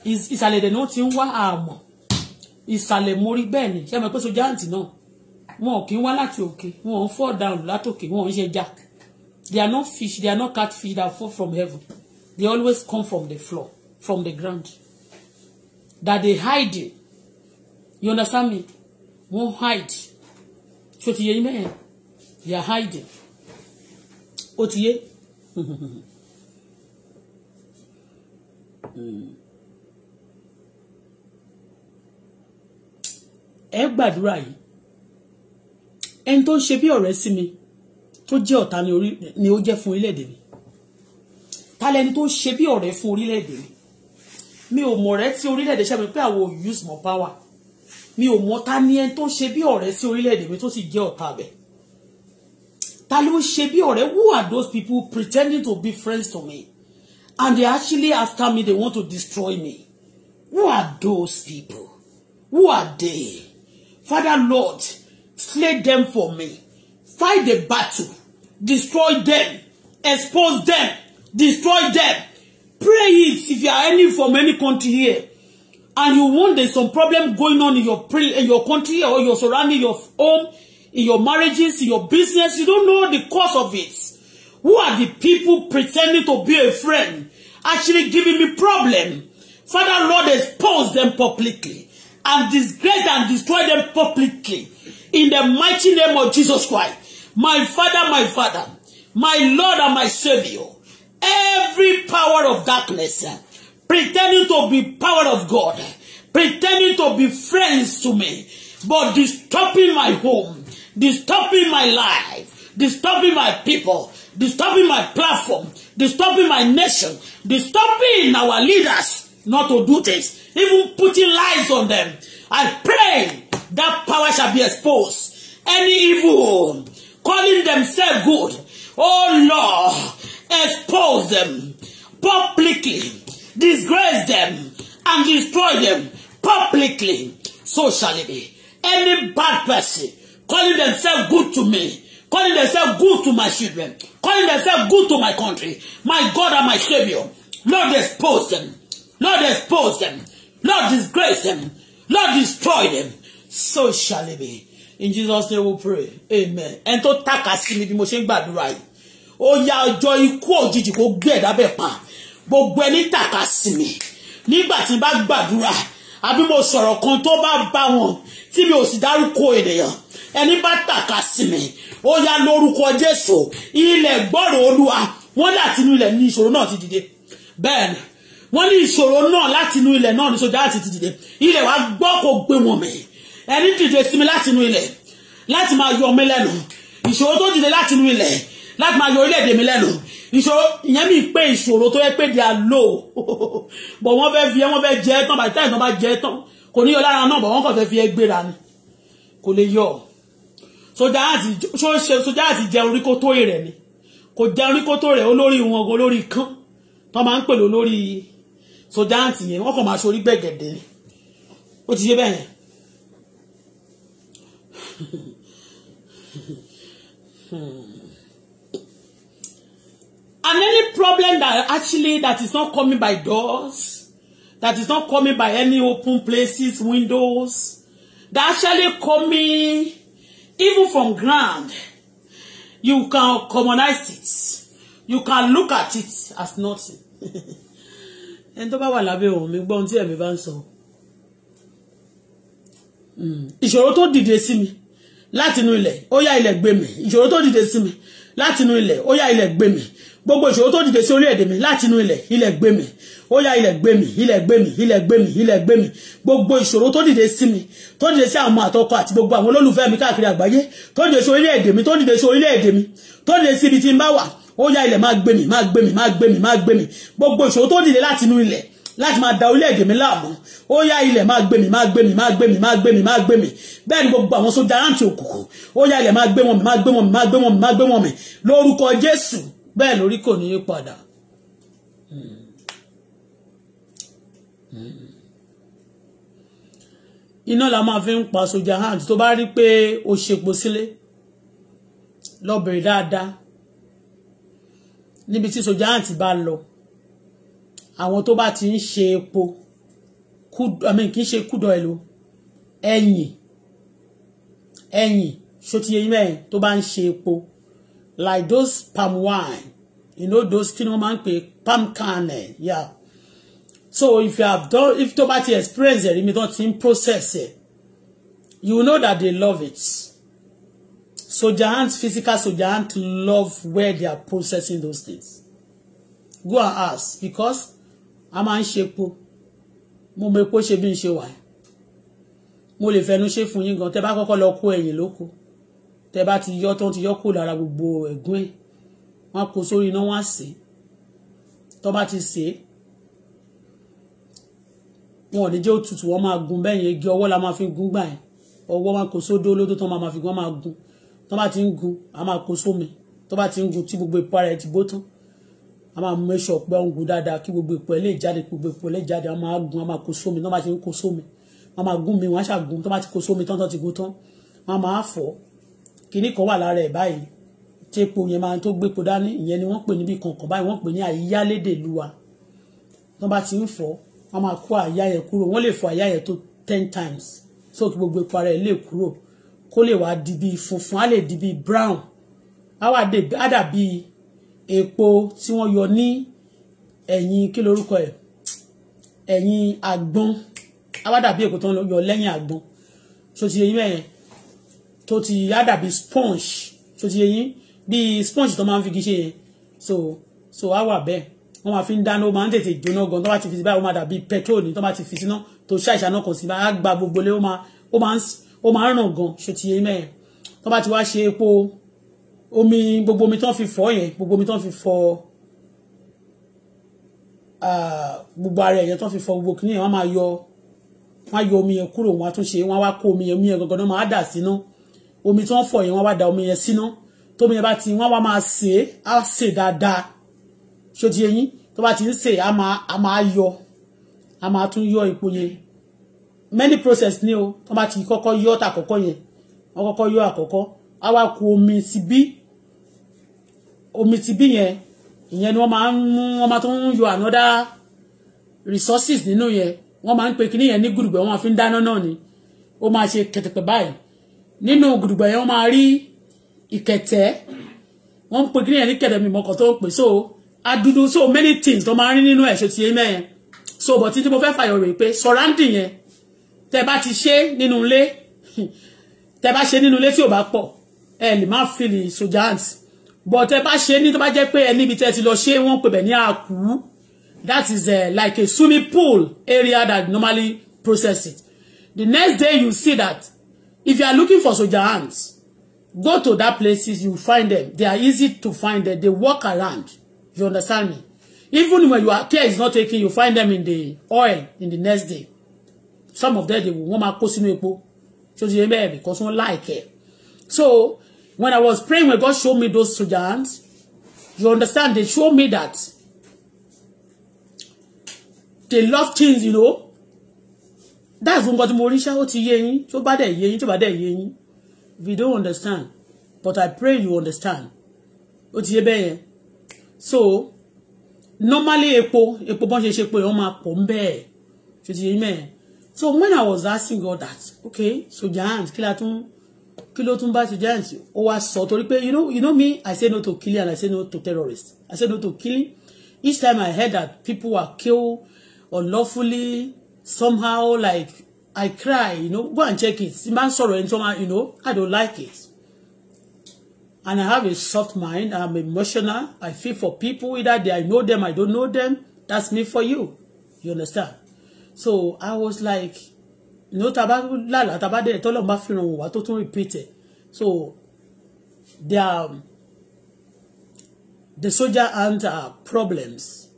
is ìsàlẹ̀ ìdènà ti ń wá àmọ́ ìsàlẹ̀ mórí bẹ́ẹ̀ ni ṣé ẹ mọ̀ pé soldier hands náà wọn ò kí ń wá láti òkè wọn fall down látòkè wọn ò ń jack they are not fish they are not catfish that fall from heaven they always come from the floor from the ground that they hide it you understand me Won't hide So ti yé yín mẹ́yẹn they are hiding ó ti yé ẹ gbàdúrà yìí ẹni tó ń ṣe bí ọ̀rẹ́ sí mi tó jẹ́ ọ̀tá ni ó jẹ́ fún orílẹ̀-èdè mi ta lẹni tó ń ṣe bí ọ̀rẹ́ fún orílẹ̀ mi mi ò mọ̀rẹ́ tí orílẹ̀-èdè ṣe mi pé àwọn use more power mi ò mọ ta ni ẹni tó ṣe bí ọ̀rẹ́ sí orílẹ̀-èdè mi tó sì jẹ́ ọ̀tá bẹ̀ ta ló ṣe bí ọ̀rẹ́ who are those people pretending to be friends to me and they actually after me they want to destroy me who are those people who are they Father Lord slay them for me fight the battle destroy them expose them destroy them pray it if you are any from any country here and you want there's some problem going on in your pre in your country or your surrounding, your home, in your marriages, in your business, you don't know the cause of it. Who are the people pretending to be a friend, actually giving me problem? Father Lord, expose them publicly and disgrace and destroy them publicly in the mighty name of Jesus Christ. My Father, my Father, my Lord and my Savior, every power of darkness pretending to be power of God, pretending to be friends to me, but disturbing my home, disturbing my life, disturbing my people, disturbing my platform, disturbing my nation, disturbing our leaders not to do this, even putting lies on them. I pray that power shall be exposed. Any evil calling themselves good, oh Lord, expose them publicly disgrace them, and destroy them publicly. So shall it be. Any bad person calling themselves good to me, calling themselves good to my children, calling themselves good to my country, my God and my Savior, Lord expose them. Lord expose them. Lord disgrace them. Lord destroy them. So shall it be. In Jesus' name we pray. Amen. Ẹni tó tàkà sí mo ṣe ń gbàdúrà yìí. Ó yá ọjọ́ ikú òjijì kó gbé pa gbogbo ẹni tàka sí mi nígbà tí n bá gbàdúrà àbí mo sọ̀rọ̀ kan tó bá bá wọn tí mi ò sì dárúkọ ènìyàn ẹni bá tàka sí mi ó yá lórúkọ Jésù ilẹ̀ gbọ́rọ̀ Olúwa wọ́n láti inú ilẹ̀ ní ìṣòro náà ti dìde bẹ́ẹ̀ ni wọ́n ní ìṣòro náà láti inú ilẹ̀ náà ní sójà àti ti dìde ilẹ̀ wa gbọ́ kó gbé wọn mì ẹni dìde sí mi láti inú ilẹ̀ láti máa yọ mí lẹ́nu ìṣòro tó dìde láti inú ilẹ̀ láti máa yọ orílẹ̀-èdè mi lẹ́nu ìṣòro ìyẹn mi pé ìṣòro tó yẹ pé di àlò bọ̀ wọ́n fẹ́ fi ẹ́ wọ́n fẹ́ jẹ ẹ́ tán bàtí táyì tán bá jẹ ẹ́ tán kò ní yọ lára náà bọ̀ wọ́n kàn fẹ́ fi ẹ́ gbéra ni kò lè yọ sójà àti jẹun rí kó tó èrè ni kò jẹun rí kó tó rẹ̀ olórí wọn ogun olórí kán tán máa ń pèlò lórí sójà àti yẹn wọ́n kàn máa ṣorí gbẹ̀gẹ̀dẹ̀ ó ti yé bẹ́ẹ̀ yẹn Hmm. And any problem that actually that is not coming by doors, that is not coming by any open places, windows, that actually coming even from ground, you can commonize it. You can look at it as nothing. Ẹni tó bá wà lábẹ́ òun mi gbọ́n tí ẹ̀mí bá ń sọ. Hmm. Ìṣòro tó dìde sí mi látinú ilẹ̀ ó yá ilẹ̀ gbé mi. Ìṣòro tó dìde sí mi látinú ilẹ̀ ó yá ilẹ̀ gbé mi gbogbo ìṣòro tó dìde sí orílẹ̀-èdè mi láti inú ilẹ̀ ilẹ̀ gbé mi ó yá ilẹ̀ gbé mi ilẹ̀ gbé mi ilẹ̀ gbé mi ilẹ̀ gbé mi gbogbo ìṣòro tó dìde sí mi tó dìde sí àwọn àtọkọ àti gbogbo àwọn olólùfẹ́ mi káàkiri àgbáyé tó dìde sí orílẹ̀-èdè mi tó dìde sí orílẹ̀-èdè mi tó dìde sí ibi tí n bá wà ó yá ilẹ̀ máa gbé mi máa gbé mi máa gbé mi máa gbé mi gbogbo ìṣòro tó dìde láti inú ilẹ̀ láti máa da orílẹ̀-èdè mi láàmú ó yá ilẹ̀ máa gbé mi máa gbé mi máa gbé mi máa gbé mi máa gbé mi bẹ́ẹ̀ ni gbogbo àwọn sójà rántí òkùnkùn ó yá ilẹ̀ máa gbé wọn mi máa gbé wọn mi máa gbé wọn mi máa gbé wọn mi lórúkọ Jésù bẹ́ẹ̀ lórí kò ní í padà. iná la máa fi ń pa sójà hand tó bá rí pé o ṣèpo sílé lọ bẹ̀rẹ̀ dáadáa níbi tí sójà hand bá lọ àwọn tó bá ti ń ṣe epo kì í ṣe kúdọ̀ èlò ẹ̀yìn ẹ̀yìn ṣó ti yẹ yín mẹ́rin tó bá ń ṣe epo like those palm wine you know those kí palm kernel yeah so if you have done if tó bá ti experience ẹ̀rí mi in process it. you know that they love it soldier ant physical soldier ant love where they are processing those things go and ask because a máa ń ṣe epo mo mọ epo ṣe bí n ṣe wà mo lè fẹnu ṣe fún gan tẹ bá kọ́kọ́ lọ kó ẹ̀yìn lóko tẹ bá ti yọ tán ti yọ kó lára gbogbo ẹ̀gún ẹ̀ wọ́n kó sórí iná wọ́n sè é bá ti sè wọn ò ní jẹ́ òtútù wọ́n máa gun bẹ́ẹ̀ igi ọwọ́ la máa fi gun gbà yẹn ọwọ́ máa kó sódó lódó tán máa fi gun máa gun tọ́ bá ti ń gun a máa kó sómi tọ́ bá ti ń gun tí gbogbo ipò ara ẹ̀ ti bó tán a máa mẹ́sọ̀ pé ó ń gun dáadáa kí gbogbo ipò ẹ̀ lè jáde gbogbo ipò ẹ̀ lè jáde a máa gun a máa kó sómi tọ́ bá ti ń kó sómi wọ́n máa gún mi wọ́n á ṣàgún bá ti kó sómi tán tán ti gun tán wọ́n máa fọ̀ kinní kan wà lára ẹ̀ báyìí tí epo yẹn máa tó gbépo dání ìyẹn ni wọ́n pè níbi kankan báyìí wọ́n pè ní àyíyálédè luwa tí wọ́n bá ti ń fọ́ wọ́n máa kó àyà yẹn kúrò wọ́n lè fọ àyà yẹn tó ten times so kí gbogbo epo ara ẹ̀ lè kúrò kó lè wá di bíi funfun á lè di bíi brown á wà dé á epo tí wọ́n yọ ní ẹ̀yìn kí lorúkọ ẹ̀ ẹ̀yìn àgbọn á wà dà bíi epo tí wọ́n yọ lẹ́yìn àgbọn ṣòtìyẹ yín mẹ́yẹn tó ti ádàbí sponge tó ti yẹyìn bíi sponge tó máa ń fi kí yẹn so so á wà bẹ́ẹ̀ wọ́n máa fi ń dáná ó máa ń tètè jóná gan tó bá ti fi báyìí ó máa dàbí petrol ní tó bá ti fi síná tó ṣàìṣàná kan sí báyìí á gba gbogbo lé ó máa ó máa ń ó ràn gan ṣe ti yẹn mẹ́rin tó bá ti wá ṣe epo omi gbogbo omi tó ń fi fọ yẹn gbogbo omi tó ń fi fọ gbogbo ara ẹ̀yẹ tó ń fi fọ gbogbo kìnìyàn wọ́n máa yọ wọ́n á yọ omi yẹn kúrò wọ́n á tún ṣe wọ́n á wá kó omi yẹn omi yẹn gangan náà máa dà sínú omi tí wọ́n fọ̀ yẹn wọ́n wá da omi yẹn síná tómi yẹn bá ti wọ́n wá máa sè é á sè dáadáa ṣó ti yẹ yín tó bá ti ń sè á máa á máa yọ á máa tún yọ epo yẹn many process ni o tó bá ti kọ́kọ́ yọ ọ́ta àkọ́kọ́ yẹn wọ́n kọ́kọ́ yọ àkọ́kọ́ á wá ku omi ti bí omi ti bí yẹn ìyẹn ni wọ́n máa ń mú wọ́n máa tún yọ another resources nínú yẹn wọ́n máa ń pe kíní yẹn ní gùdùgbẹ́ wọ́n máa fi ń dáná náà ni ó máa ṣe kẹ̀tẹ̀pẹ̀ báyìí nínú gùdùgbà yẹn wọ́n máa rí ìkẹ̀tẹ́ wọ́n ń pè kí nìyẹn ní kẹ̀tẹ́ mi mọ́kàn tó ń pè so adudu so many things tó máa ń rí nínú ẹ̀ ṣe ti yé mẹ́yẹn so but tí mo fẹ́ fàyọ̀ rèé pé surrounding yẹn tẹ bá ti ṣe nínú ilé tẹ bá ṣe nínú ilé tí ò bá pọ̀ ẹ lè má fìlì sojant but tẹ bá ṣe ní tó bá jẹ́ pé ẹ níbi tẹ ti lọ ṣe wọ́n pè bẹ̀ ní àkú that is uh, like a swimming pool area that normally process it the next day you see that If you are looking for soldier ants, go to that places, you find them. They are easy to find them. They walk around. You understand me? Even when your care is not taken, you find them in the oil in the next day. Some of them, they will warm up. kó So you remember, because wọ́n like it. So, when I was praying, when God showed me those soldier ants, you understand, they showed me that they love things, you know, that's nǹkan tí mo rí ṣá ó ti yé yín tó bá dẹ̀ yé yín tó bá dẹ̀ don't understand but I pray you understand ó ti yé bẹ́ẹ̀ so normally epo epo bọ́n ṣe ṣe pé wọ́n máa pọ̀ ń bẹ́ẹ̀ ti yé yín so when I was asking God that okay so giants kí la tún kí ló tún bá ti giant ó wá sọ torí you know you know me i say no to killing and i say no to terrorists i say no to killing each time i heard that people were killed unlawfully somehow like I cry, you know, go and check it. The n sorrow and sọ̀rọ̀ you know, I don't like it. And I have a soft mind, I'm emotional, I feel for people, either they, I know them, I don't know them, that's me for you. You understand? So I was like, you know, taba lala, taba de, tolo ma fi ran wa, to repeat it. So, they are, the soldier ant are problems.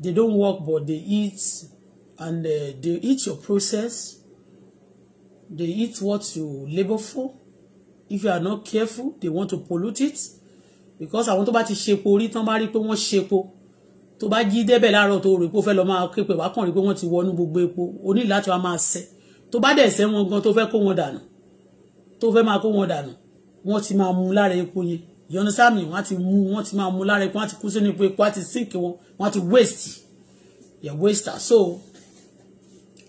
They don't work, but they eat and uh, they eat your process they eat what you labour for if you are not careful they want to pollute it because àwọn tó bá ti ṣepo orí tán bá rí pé wọ́n ṣepo tó bá jí débẹ̀ láàárọ̀ tó rò pé ó fẹ́ lọ máa képe wá kàn rí pé wọ́n ti wọnú gbogbo epo o ní láti wá máa sẹ́ tó bá dẹ̀ sẹ́ wọn gan tó fẹ́ kó wọn dànù tó fẹ́ máa kó wọn dànù wọ́n ti máa mú lára epo yẹn ìyọnu sáàmì wọ́n ti mú wọ́n ti máa mú lára epo wọ́n ti kú sínú epo epo wọ́n ti sink wọn wọ́n ti waste yẹ waster so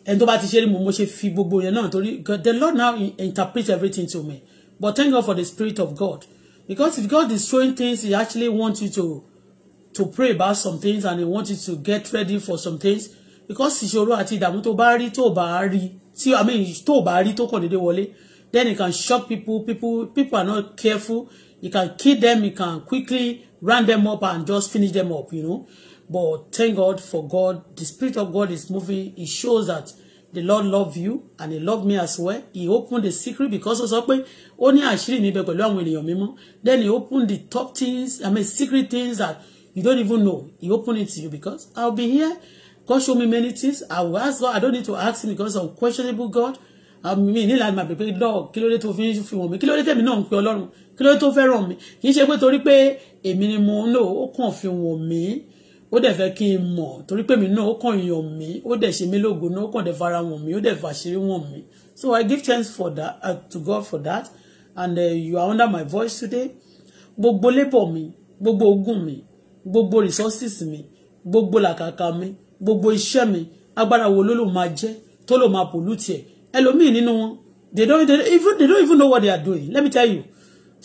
ẹni tó bá ti ṣe rí mo mo ṣe fi gbogbo yẹn náà torí the Lord now interprets everything to me but thank God for the spirit of God because if God is showing things he actually wants you to to pray about some things and he wants you to get ready for some things because ìṣòro àti ìdààmú tó bá rí tó bá rí tí i mean tó bá rí tó kàn déédéé wọlé then it can shock people people people are not careful it can kill them it can quickly round them up and just finish them up you know but thank God for God the spirit of God is moving it shows that the Lord love you and he love me as well he opened the secret because ó sọ pé ó ní àṣírí mi bẹ pẹ̀lú àwọn ènìyàn mímọ́ then he opened the top things i mean secret things that you don't even know he opened it to you because i be here God show me many things i will ask God i don't need to ask him because of questionable God mi ní ìlànà àgbègbè lọ́ọ̀ kí ló dé tó fi ń fi wọ̀n mi kí ló dé tèmi náà ń pe ọlọ́run kí ló dé tó fẹ́ràn mi kì í ṣe pé torí pé èmi ni mo ń lò ó kàn fi wọ̀n mi ó dẹ̀ fẹ́ kí n mọ̀ torí pé mi náà ó kàn yàn mí ó dẹ̀ ṣe mí lógo náà ó kàn dẹ̀ fara wọ̀n mí ó dẹ̀ fàṣírí wọ̀n mí so I give thanks for that uh, to God for that and uh, you are under my voice today gbogbo labour mi gbogbo ogun mi gbogbo resources mi gbogbo làkàkà mi gbogbo iṣẹ́ mi agbára wo ló ló máa jẹ́ tó ló máa pollute ẹ̀ ẹlòmíì nínú wọn they don't they even they don't even know what they are doing let me tell you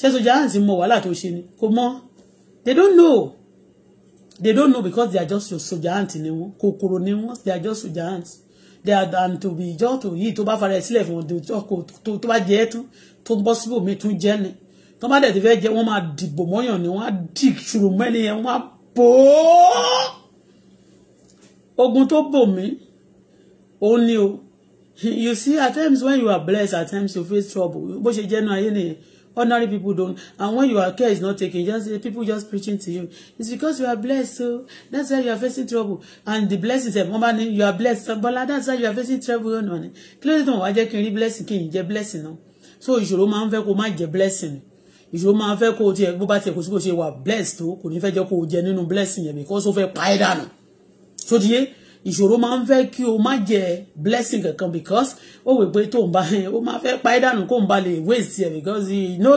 ṣé sojà àǹtí mọ wàhálà tó ṣe ni kò mọ they don't know they don't know because they are just your soldier ant ni wọn kòkòrò ni wọn they are just soldier ant they are and to be just to yìí To bá fara ẹ sílẹ̀ fún wọn tó bá jẹ ẹ tún tó bọ́ síbò mi tún jẹ ni tó bá dẹ̀ ti fẹ́ jẹ wọ́n máa dìbò mọ́yàn ni wọ́n á dì ṣòro mẹ́ni yẹn wọ́n á bò ogun to bò mí Only o you see at times when you are blessed at times you face trouble bó ṣe jẹ́ nu ayé nìyẹn ordinary people don't. And when your care is not taken, just people just preaching to you. It's because you are blessed. So that's why you are facing trouble. And the blessing is a you are blessed. So, but that's why you are facing trouble. No, no. Clearly, don't want to blessing. You n jẹ́ blessing náà. So ìṣòro máa ń fẹ́ kó má jẹ́ blessing. Ìṣòro máa ń fẹ́ kó tiẹ̀ bó bá tiẹ̀ kó sí bó ṣe wà blessed tó kò ní fẹ́ jẹ́ kó No blessing because ó fẹ́ pa ẹ́ dànù ìṣòro máa ń fẹ́ kí o má jẹ blessing kankan because ó wè pé tó ń bá ó máa fẹ́ pa ẹ́ dànù kó ń ba lè waste ẹ̀ because you know,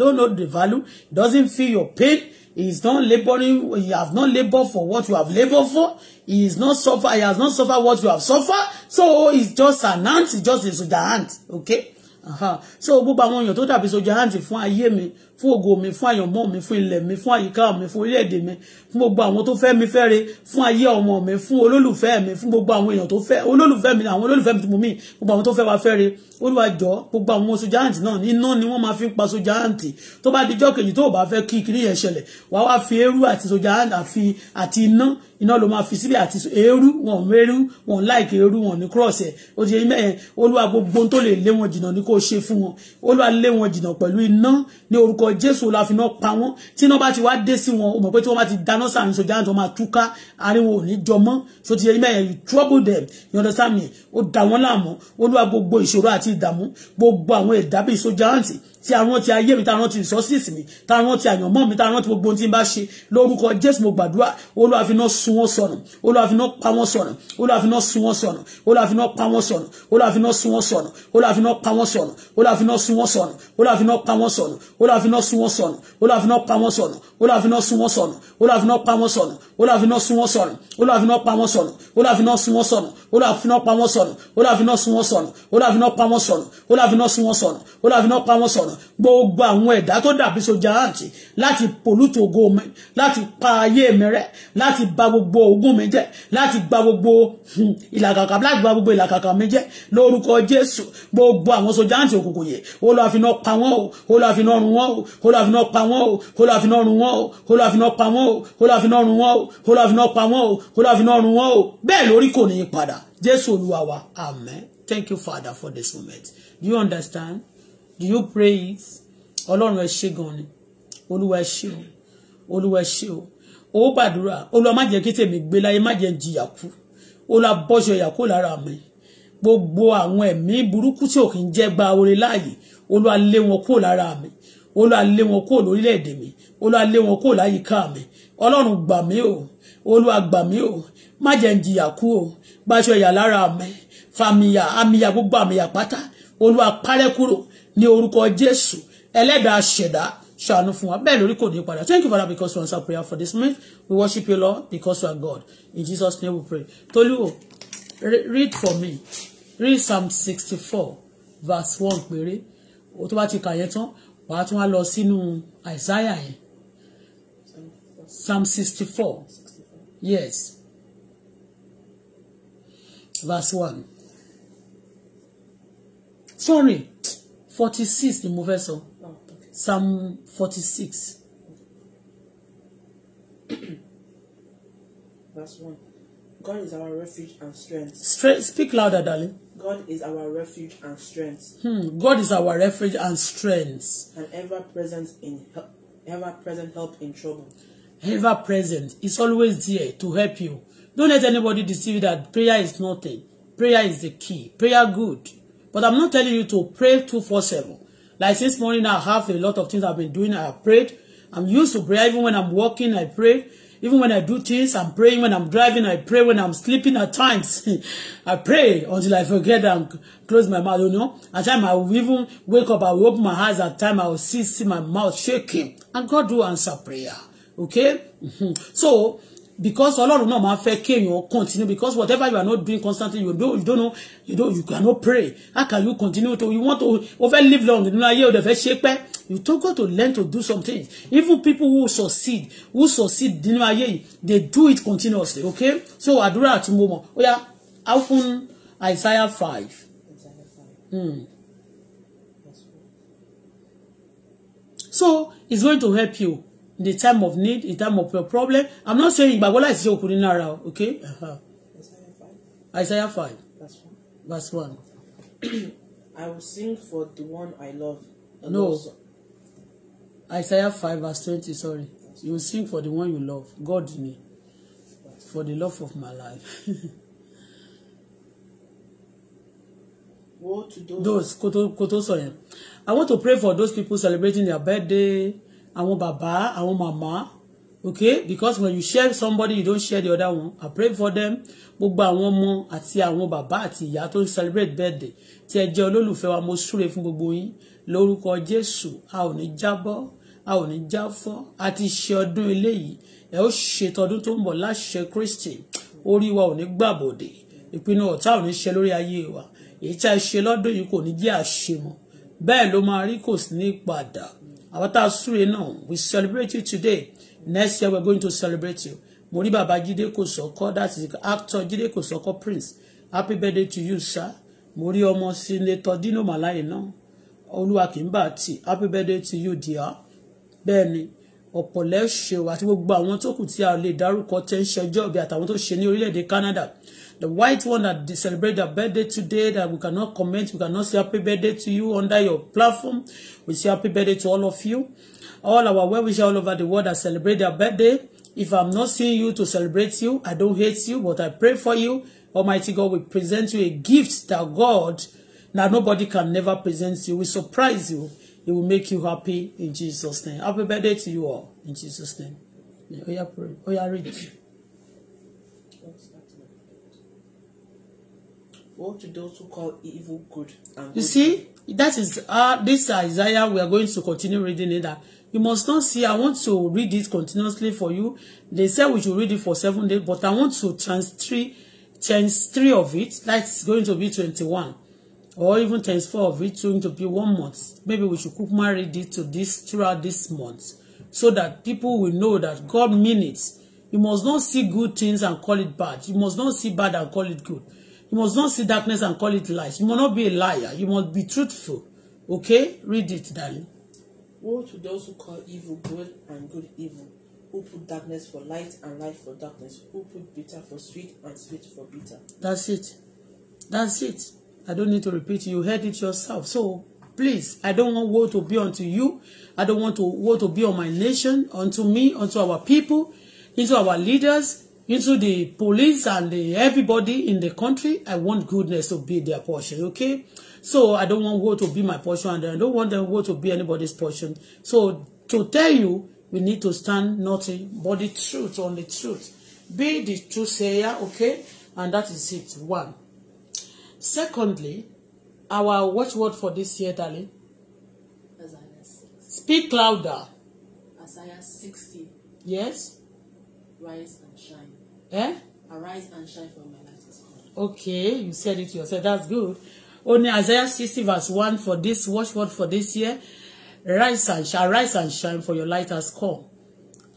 don't know the value doesn't feel your pain he is not laboring. You have not labour for what you have labour for he is not suffer he has not suffer what you have suffer so he is just an ant he just is a ant okay uh -huh. so gbogbo àwọn èèyàn tó dàbí sojà ant fún ayé mi fún ògo mi fún àyànmọ́ mi fún ilẹ̀ mi fún àyíká mi fún orílẹ̀-èdè mi fún gbogbo àwọn tó fẹ́ mi fẹ́re fún ayé ọmọ mi fún olólùfẹ́ mi fún gbogbo àwọn èèyàn tó fẹ́ olólùfẹ́ mi àwọn olólùfẹ́ mi tó mú mi gbogbo àwọn tó fẹ́ wa fẹ́re Olúwa jọ̀ọ́ gbogbo àwọn sojaanti náà iná ni wọ́n máa fi ń pa sojaanti tó bá dijọ́ kejì tó bá fẹ́ kí kiri yẹn ṣẹlẹ̀ wàá wá fi eérú àti sojaanti àfi àti iná iná ló máa fi síbẹ̀ àti eérú wọn mẹ́rú wọn láìkè eérú wọn ní cross ẹ̀ ó ti yẹ mẹ́yẹn Olúwa gbogbo tó lè lé wọn jìnnà ni kó ṣe fún wọn Olúwa lé wọn jìnnà pẹ̀lú iná ní orúkọ orúkọ Jésù la fi náà pa wọ́n tí iná bá ti wá dé sí wọn o mọ̀ pé tí wọ́n bá ti dáná sàrin sójà àti wọ́n máa túká ariwo ò ní jọmọ́ so ti yẹn mẹ́yẹn you trouble them you understand me ó dà wọ́n láàmú olúwa gbogbo ìṣòro àti ìdààmú gbogbo àwọn ẹ̀dá bíi sójà tí a rántí ayé mi tá a rántí resources mi tá a rántí àyànmọ́ mi tá a rántí gbogbo ohun tí n bá ṣe lórúkọ Jésù mo gbàdúrà Olúwa fi iná sun wọ́n sọnù Olúwa fi iná pa wọ́n sọnù Olúwa fi iná sun wọ́n sọnù Olúwa fi iná pa wọ́n sọnù Olúwa fi iná sun wọ́n sọnù Olúwa fi iná pa wọ́n sọnù Olúwa fi iná sun wọ́n sọnù Olúwa fi iná pa wọ́n sọnù Olúwa fi iná sun wọ́n sọnù Olúwa fi iná pa wọ́n sọnù Olúwa fi iná sun wọ́n sọnù Olúwa fi iná pa wọ́n sọnù ó lọ́ọ́ fi iná sún wọn sọ̀nù ó lọ́ọ́ fi iná pa wọn sọ̀nù ó lọ́ọ́ fi iná sún wọn sọ̀nù ó lọ́ọ́ fi iná pa wọn sọ̀nù ó lọ́ọ́ fi iná sún wọn sọ̀nù ó lọ́ọ́ fi iná pa wọn sọ̀nù ó lọ́ọ́ fi iná sún wọn sọ̀nù ó lọ́ọ́ fi iná pa wọn sọ̀nù gbogbo àwọn ẹ̀dá tó dàbí sojà àǹtí láti pòlútò ògo mi láti pa ayé mi rẹ́ láti bà gbogbo ogún mi jẹ́ láti gba gbogbo ìlàkàkà láti gba gbogbo ìlàkàkà mi jẹ́ lórúkọ Jésù gbogbo àwọn sojà àǹtí òkùnkùn yìí ó fi iná pa wọn o ó fi iná run wọn o ó fi iná pa wọn o ó fi iná run wọn o ó fi iná run wọn o olúwa fi iná pa wọ́n o olúwa fi iná run wọ́n o bẹ́ẹ̀ lórí kò ní í padà jésù olúwa wa amen thank you father for this moment do you understand do you praise? it ọlọ́run ẹ ṣé gan ni olúwa ẹ ṣé o olúwa ẹ ṣé o owó gbàdúrà olúwa má jẹ́ kí tèmi gbé láyé má jẹ́ jìyà kú olúwa bọ́ṣọ ìyà lára mi gbogbo àwọn ẹ̀mí burúkú tí ò kì í jẹ́ gba oore láàyè olúwa lé wọn kúrò lára mi olúwa lé wọn kúrò lórílẹ̀ mi olúwa lé wọn kúrò láyìíká mi ọlọ́run gbà mí o olúwa gbà mí o má jẹ́ ń jìyà kú o gbaṣọ ìyà lára mi fàmìyà àmìyà gbogbo àmìyà pátá olúwa parẹ́ kúrò ní orúkọ jésù ẹlẹ́dàá ṣẹ̀dá ṣàánú fún wa bẹ́ẹ̀ lórí kò ní padà thank you father because you answer prayer for this month we worship you lord because you are god in jesus name we pray tolu read for me read psalm sixty four verse one péré o tó bá ti kà yẹn tán wàá tún wá lọ sínú àìsáyà yẹn Psalm 64. Yes. Verse 1. Sorry, 46 ni mo fẹ́ sọ. Psalm 46. Verse 1. God is our refuge and strength. Stre speak louder, darling. God is our refuge and strength. Hmm. God is our refuge and strength. and ever-present in ever-present help in trouble ever present. It's always there to help you. Don't let anybody deceive you that prayer is nothing. Prayer is the key. Prayer good. But I'm not telling you to pray 247. Like since morning, I have a lot of things I've been doing. I have prayed. I'm used to prayer. Even when I'm walking, I pray. Even when I do things, I'm praying. When I'm driving, I pray. When I'm sleeping at times, I pray until I forget and close my mouth, you know. At time I will even wake up, I will open my eyes. At time I will see, see my mouth shaking. And God will answer prayer okay mm-hmm. so because Ọlọ́run náà máa fẹ́ kéèyàn continue because whatever you are not doing constantly you don't you don't know you don't you cannot pray how can you continue to you want to o fẹ́ live long nínú ayé o dẹ̀ fẹ́ ṣe pẹ́ you too to learn to do something even people who succeed who succeed nínú ayé yìí they do it continuously okay so àdúrà àti mo mọ̀ ó how open Isaiah five. Hmm. so it's going to help you in the time of need in time of your problem i'm not saying ìgbàgbọ́ is ṣe òkú nínú okay uh-huh. isaiah five verse one. i will sing for the one i love. no Lord. isaiah five verse twenty sorry you will sing for the one you love god ni for the love of my life. Woe to those. Those, Koto, Koto, sorry. I want to pray for those people celebrating their birthday, àwọn bàbá àwọn màmá okay because when you share somebody you don't share the other one I pray for them gbogbo àwọn ọmọ àti àwọn bàbá àti ìyá tó ń celebrate birthday tí ẹ jẹ́ olólùfẹ́ wa mo súre fún gbogbo yín lórúkọ Jésù a ò ní jábọ́ a ò ní jáfọ́ a ti ṣe ọdún ilé yìí ẹ ó ṣètọdún tó ń bọ̀ láṣẹ Kristi orí wa ò ní gbàbọ̀dé ìpinnu ọ̀tá ò ní ṣe lórí ayé wa èyí tí a ṣe lọ́dún yìí kò ní jẹ́ àṣemọ̀ bẹ́ẹ̀ ló máa rí kò sí ní padà àwọn tá a we celebrate you today next year we are going to celebrate you mo rí bàbá Jídé that is actor Jídé Kòsọ́kọ́ prince happy birthday to you sir Mori rí ọmọ senator Dino Malaye náà olúwa kì ti. happy birthday to you dear bẹ́ẹ̀ ni ọ̀pọ̀lẹ́ ṣe àti gbogbo àwọn tó kù tí a lè dárúkọ tẹ́ ń ṣe ọjọ́ àtàwọn tó ṣe ní orílẹ̀ Canada The white one that celebrate their birthday today that we cannot comment, we cannot say happy birthday to you under your platform. We say happy birthday to all of you. All our well wishes all over the world that celebrate their birthday. If I'm not seeing you to celebrate you, I don't hate you, but I pray for you. Almighty God will present you a gift that God, now nobody can never present you, will surprise you. It will make you happy in Jesus' name. Happy birthday to you all in Jesus' name. Oya, pray. Oya, read. What do those who call evil good and good? You see, that is uh, this Isaiah. We are going to continue reading it. That you must not see. I want to read it continuously for you. They said we should read it for seven days, but I want to change three, change three of it. That's going to be twenty-one, or even times four of it. Going to be one month. Maybe we should cook married it to this throughout this month, so that people will know that God means it. You must not see good things and call it bad. You must not see bad and call it good. You must not see darkness and call it lies. You must not be a liar. You must be truthful. Okay? Read it, darling. Woe to those who call evil good and good evil, who put darkness for light and light for darkness, who put bitter for sweet and sweet for bitter. That's it. That's it. I don't need to repeat it. You heard it yourself. So please, I don't want woe to be unto you. I don't want to woe to be on my nation, unto me, unto our people, into our leaders, into the police and the everybody in the country. I want goodness to be their portion, okay? So I don't want war to be my portion and I don't want them war to be anybody's portion. So to tell you, we need to stand nothing but the truth on the truth. Be the truth sayer, okay? And that is it, one. Secondly, our watchword for this year, darling. Isaiah Speak louder. Isaiah 60. Yes. Rise Eh? Arise and shine for my light is coming. Okay, you said it yourself. That's good. Only Isaiah 60 verse 1 for this watchword for this year. Rise and shine, rise and shine for your light has come.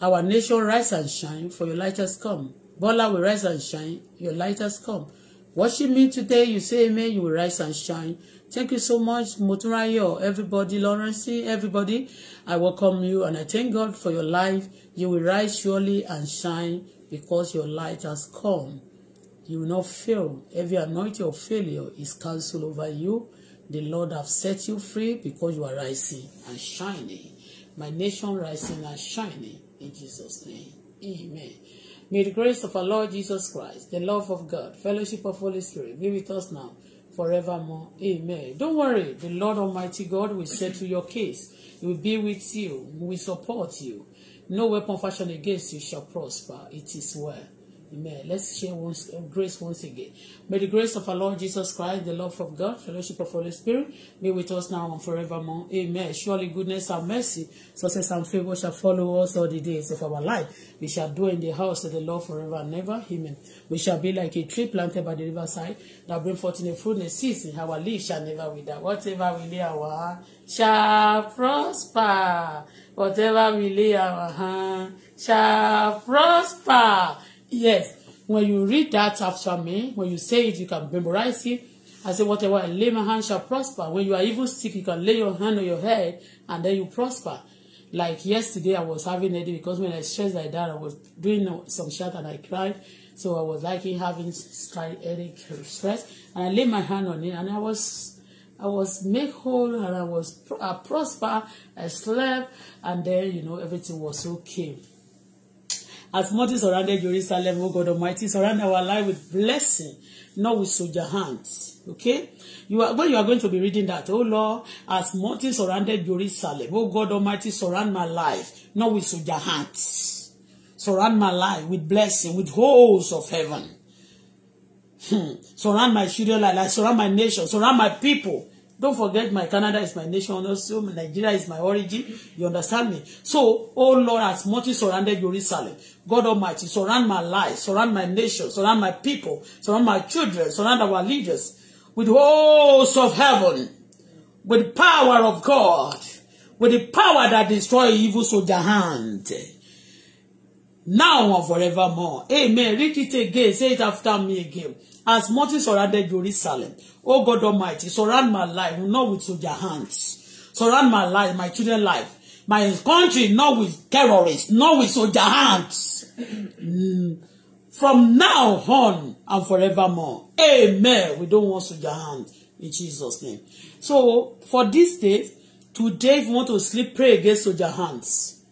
Our nation rise and shine for your light has come. Bola will rise and shine, your light has come. Watching me today, you say amen, you will rise and shine. Thank you so much, Motunrayo, everybody, Lawrence, everybody. I welcome you and I thank God for your life. You will rise surely and shine because your light has come. You will not fail. Every anointing of failure is cancelled over you. The Lord have set you free because you are rising and shining. My nation rising and shining in Jesus' name. Amen. May the grace of our Lord Jesus Christ, the love of God, fellowship of Holy Spirit be with us now forevermore. Amen. Don't worry. The Lord Almighty God will settle your case. He will be with you. He will support you. No weapon fashioned against you shall prosper. It is well. Amen. Let's share once, uh, grace once again. May the grace of our Lord Jesus Christ, the love of God, fellowship of Holy Spirit be with us now and forevermore. Amen. Surely goodness and mercy, success and favor shall follow us all the days of our life. We shall dwell in the house of the Lord forever and ever. Amen. We shall be like a tree planted by the riverside that bring forth in the fruit in the season. Our leaves shall never wither. Whatever we lay our hand shall prosper. Whatever we lay our hand shall prosper. yes, when you read that after me, when you say it, you can memorize it. I say, whatever I lay my hand shall prosper. When you are even sick, you can lay your hand on your head and then you prosper. Like yesterday, I was having headache because when I stressed like that, I was doing some shit and I cried. So I was like having headache stress. And I laid my hand on it and I was I was made whole and I was I prosper. I slept and then, you know, everything was okay. As much as surrounded Jerusalem, O God Almighty, surround our life with blessing, not with soldier hands. Okay? You are when you are going to be reading that, oh Lord, as mountains surrounded Jerusalem, oh God Almighty, surround my life, not with soldier hands. Surround my life with blessing, with holes of heaven. Hmm. Surround my children like, like surround my nation, surround my people. Don't forget my Canada is my nation also, Nigeria is my origin. You understand me? So, oh Lord, as mountains surrounded Jerusalem, God Almighty, surround my life, surround my nation, surround my people, surround my children, surround our leaders with hosts of heaven, with the power of God, with the power that destroys evil soldier hand. Now and forevermore. Amen. Read it again. Say it after me again. As multi surrounded Jerusalem, O God Almighty, surround my life, not with soldier hands. Surround my life, my children's life, my country not with terrorists, not with soldier hands. From now on and forevermore. Amen. We don't want soldier hands in Jesus' name. So for this day, today if you want to sleep, pray against soldier hands.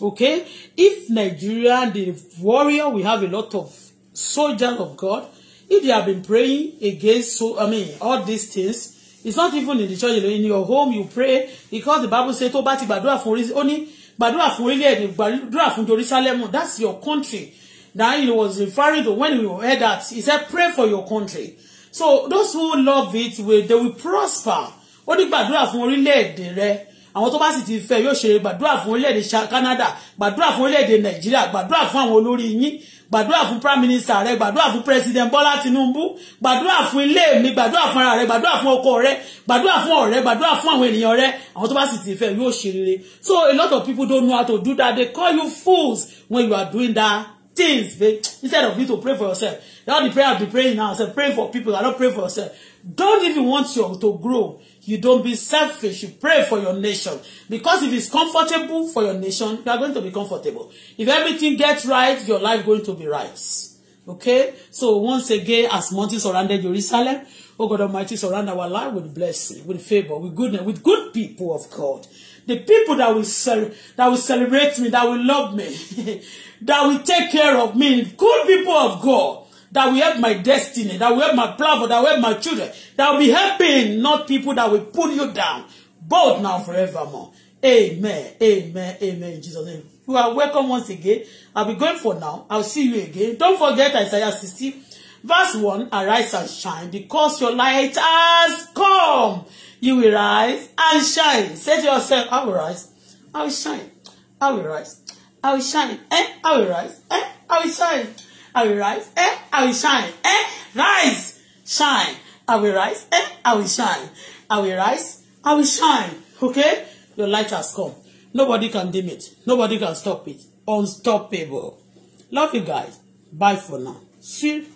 Okay? If Nigeria, the warrior, we have a lot of soldiers of God. If they have been praying against so I mean all these things, it's not even in the church alone in your home you pray because the bible say tó bá ti gbàdúrà fún orí ó ní gbàdúrà fún orílẹ̀-èdè gbàdúrà fún Jerusalem that's your country that he was referring to when we heard that he said pray for your country so those who love it will they will prosper ó ní gbàdúrà fún orílẹ̀-èdè rẹ àwọn tó bá sì ti fẹ́ yóò ṣe gbàdúrà fún orílẹ̀-èdè Canada gbàdúrà fún orílẹ̀-èdè Nàìjíríà gbàdúrà fún àwọn olórí yín gbàdúrà fún prime minister rẹ gbàdúrà fún president Bọ́lá Tinubu gbàdúrà fún ilé mi gbàdúrà fún ara rẹ gbàdúrà fún ọkọ rẹ gbàdúrà fún ọ̀rẹ́ gbàdúrà fún àwọn ènìyàn rẹ àwọn tó bá sì ti fẹ́ yóò ṣe rere so a lot of people don't know how to do that they call you fools when you are doing that things babe instead of you to pray for yourself all the prayer I be praying now I say pray for people I don't pray for yourself don't even want your to grow You don't be selfish. You pray for your nation. Because if it's comfortable for your nation, you are going to be comfortable. If everything gets right, your life going to be right. Okay? So once again, as mountains surrounded Jerusalem, oh God Almighty, surround our life with blessing, with favor, with goodness, with good people of God. The people that will that will celebrate me, that will love me, that will take care of me, good people of God that will help my destiny, that will help my platform, that will help my children, that will be helping, not people that will pull you down, both now forevermore. Amen, amen, amen, in Jesus' name. You are welcome once again. I'll be going for now. I'll see you again. Don't forget Isaiah 60, verse 1, Arise and shine, because your light has come. You will rise and shine. Say to yourself, I will rise, I will shine, I will rise, I will shine, eh? I will rise, eh? I will shine. I will rise, eh? I will shine, eh? Rise, shine. I will rise, eh? I will shine. I will rise, I will shine. Okay? Your light has come. Nobody can dim it. Nobody can stop it. Unstoppable. Love you guys. Bye for now. See you.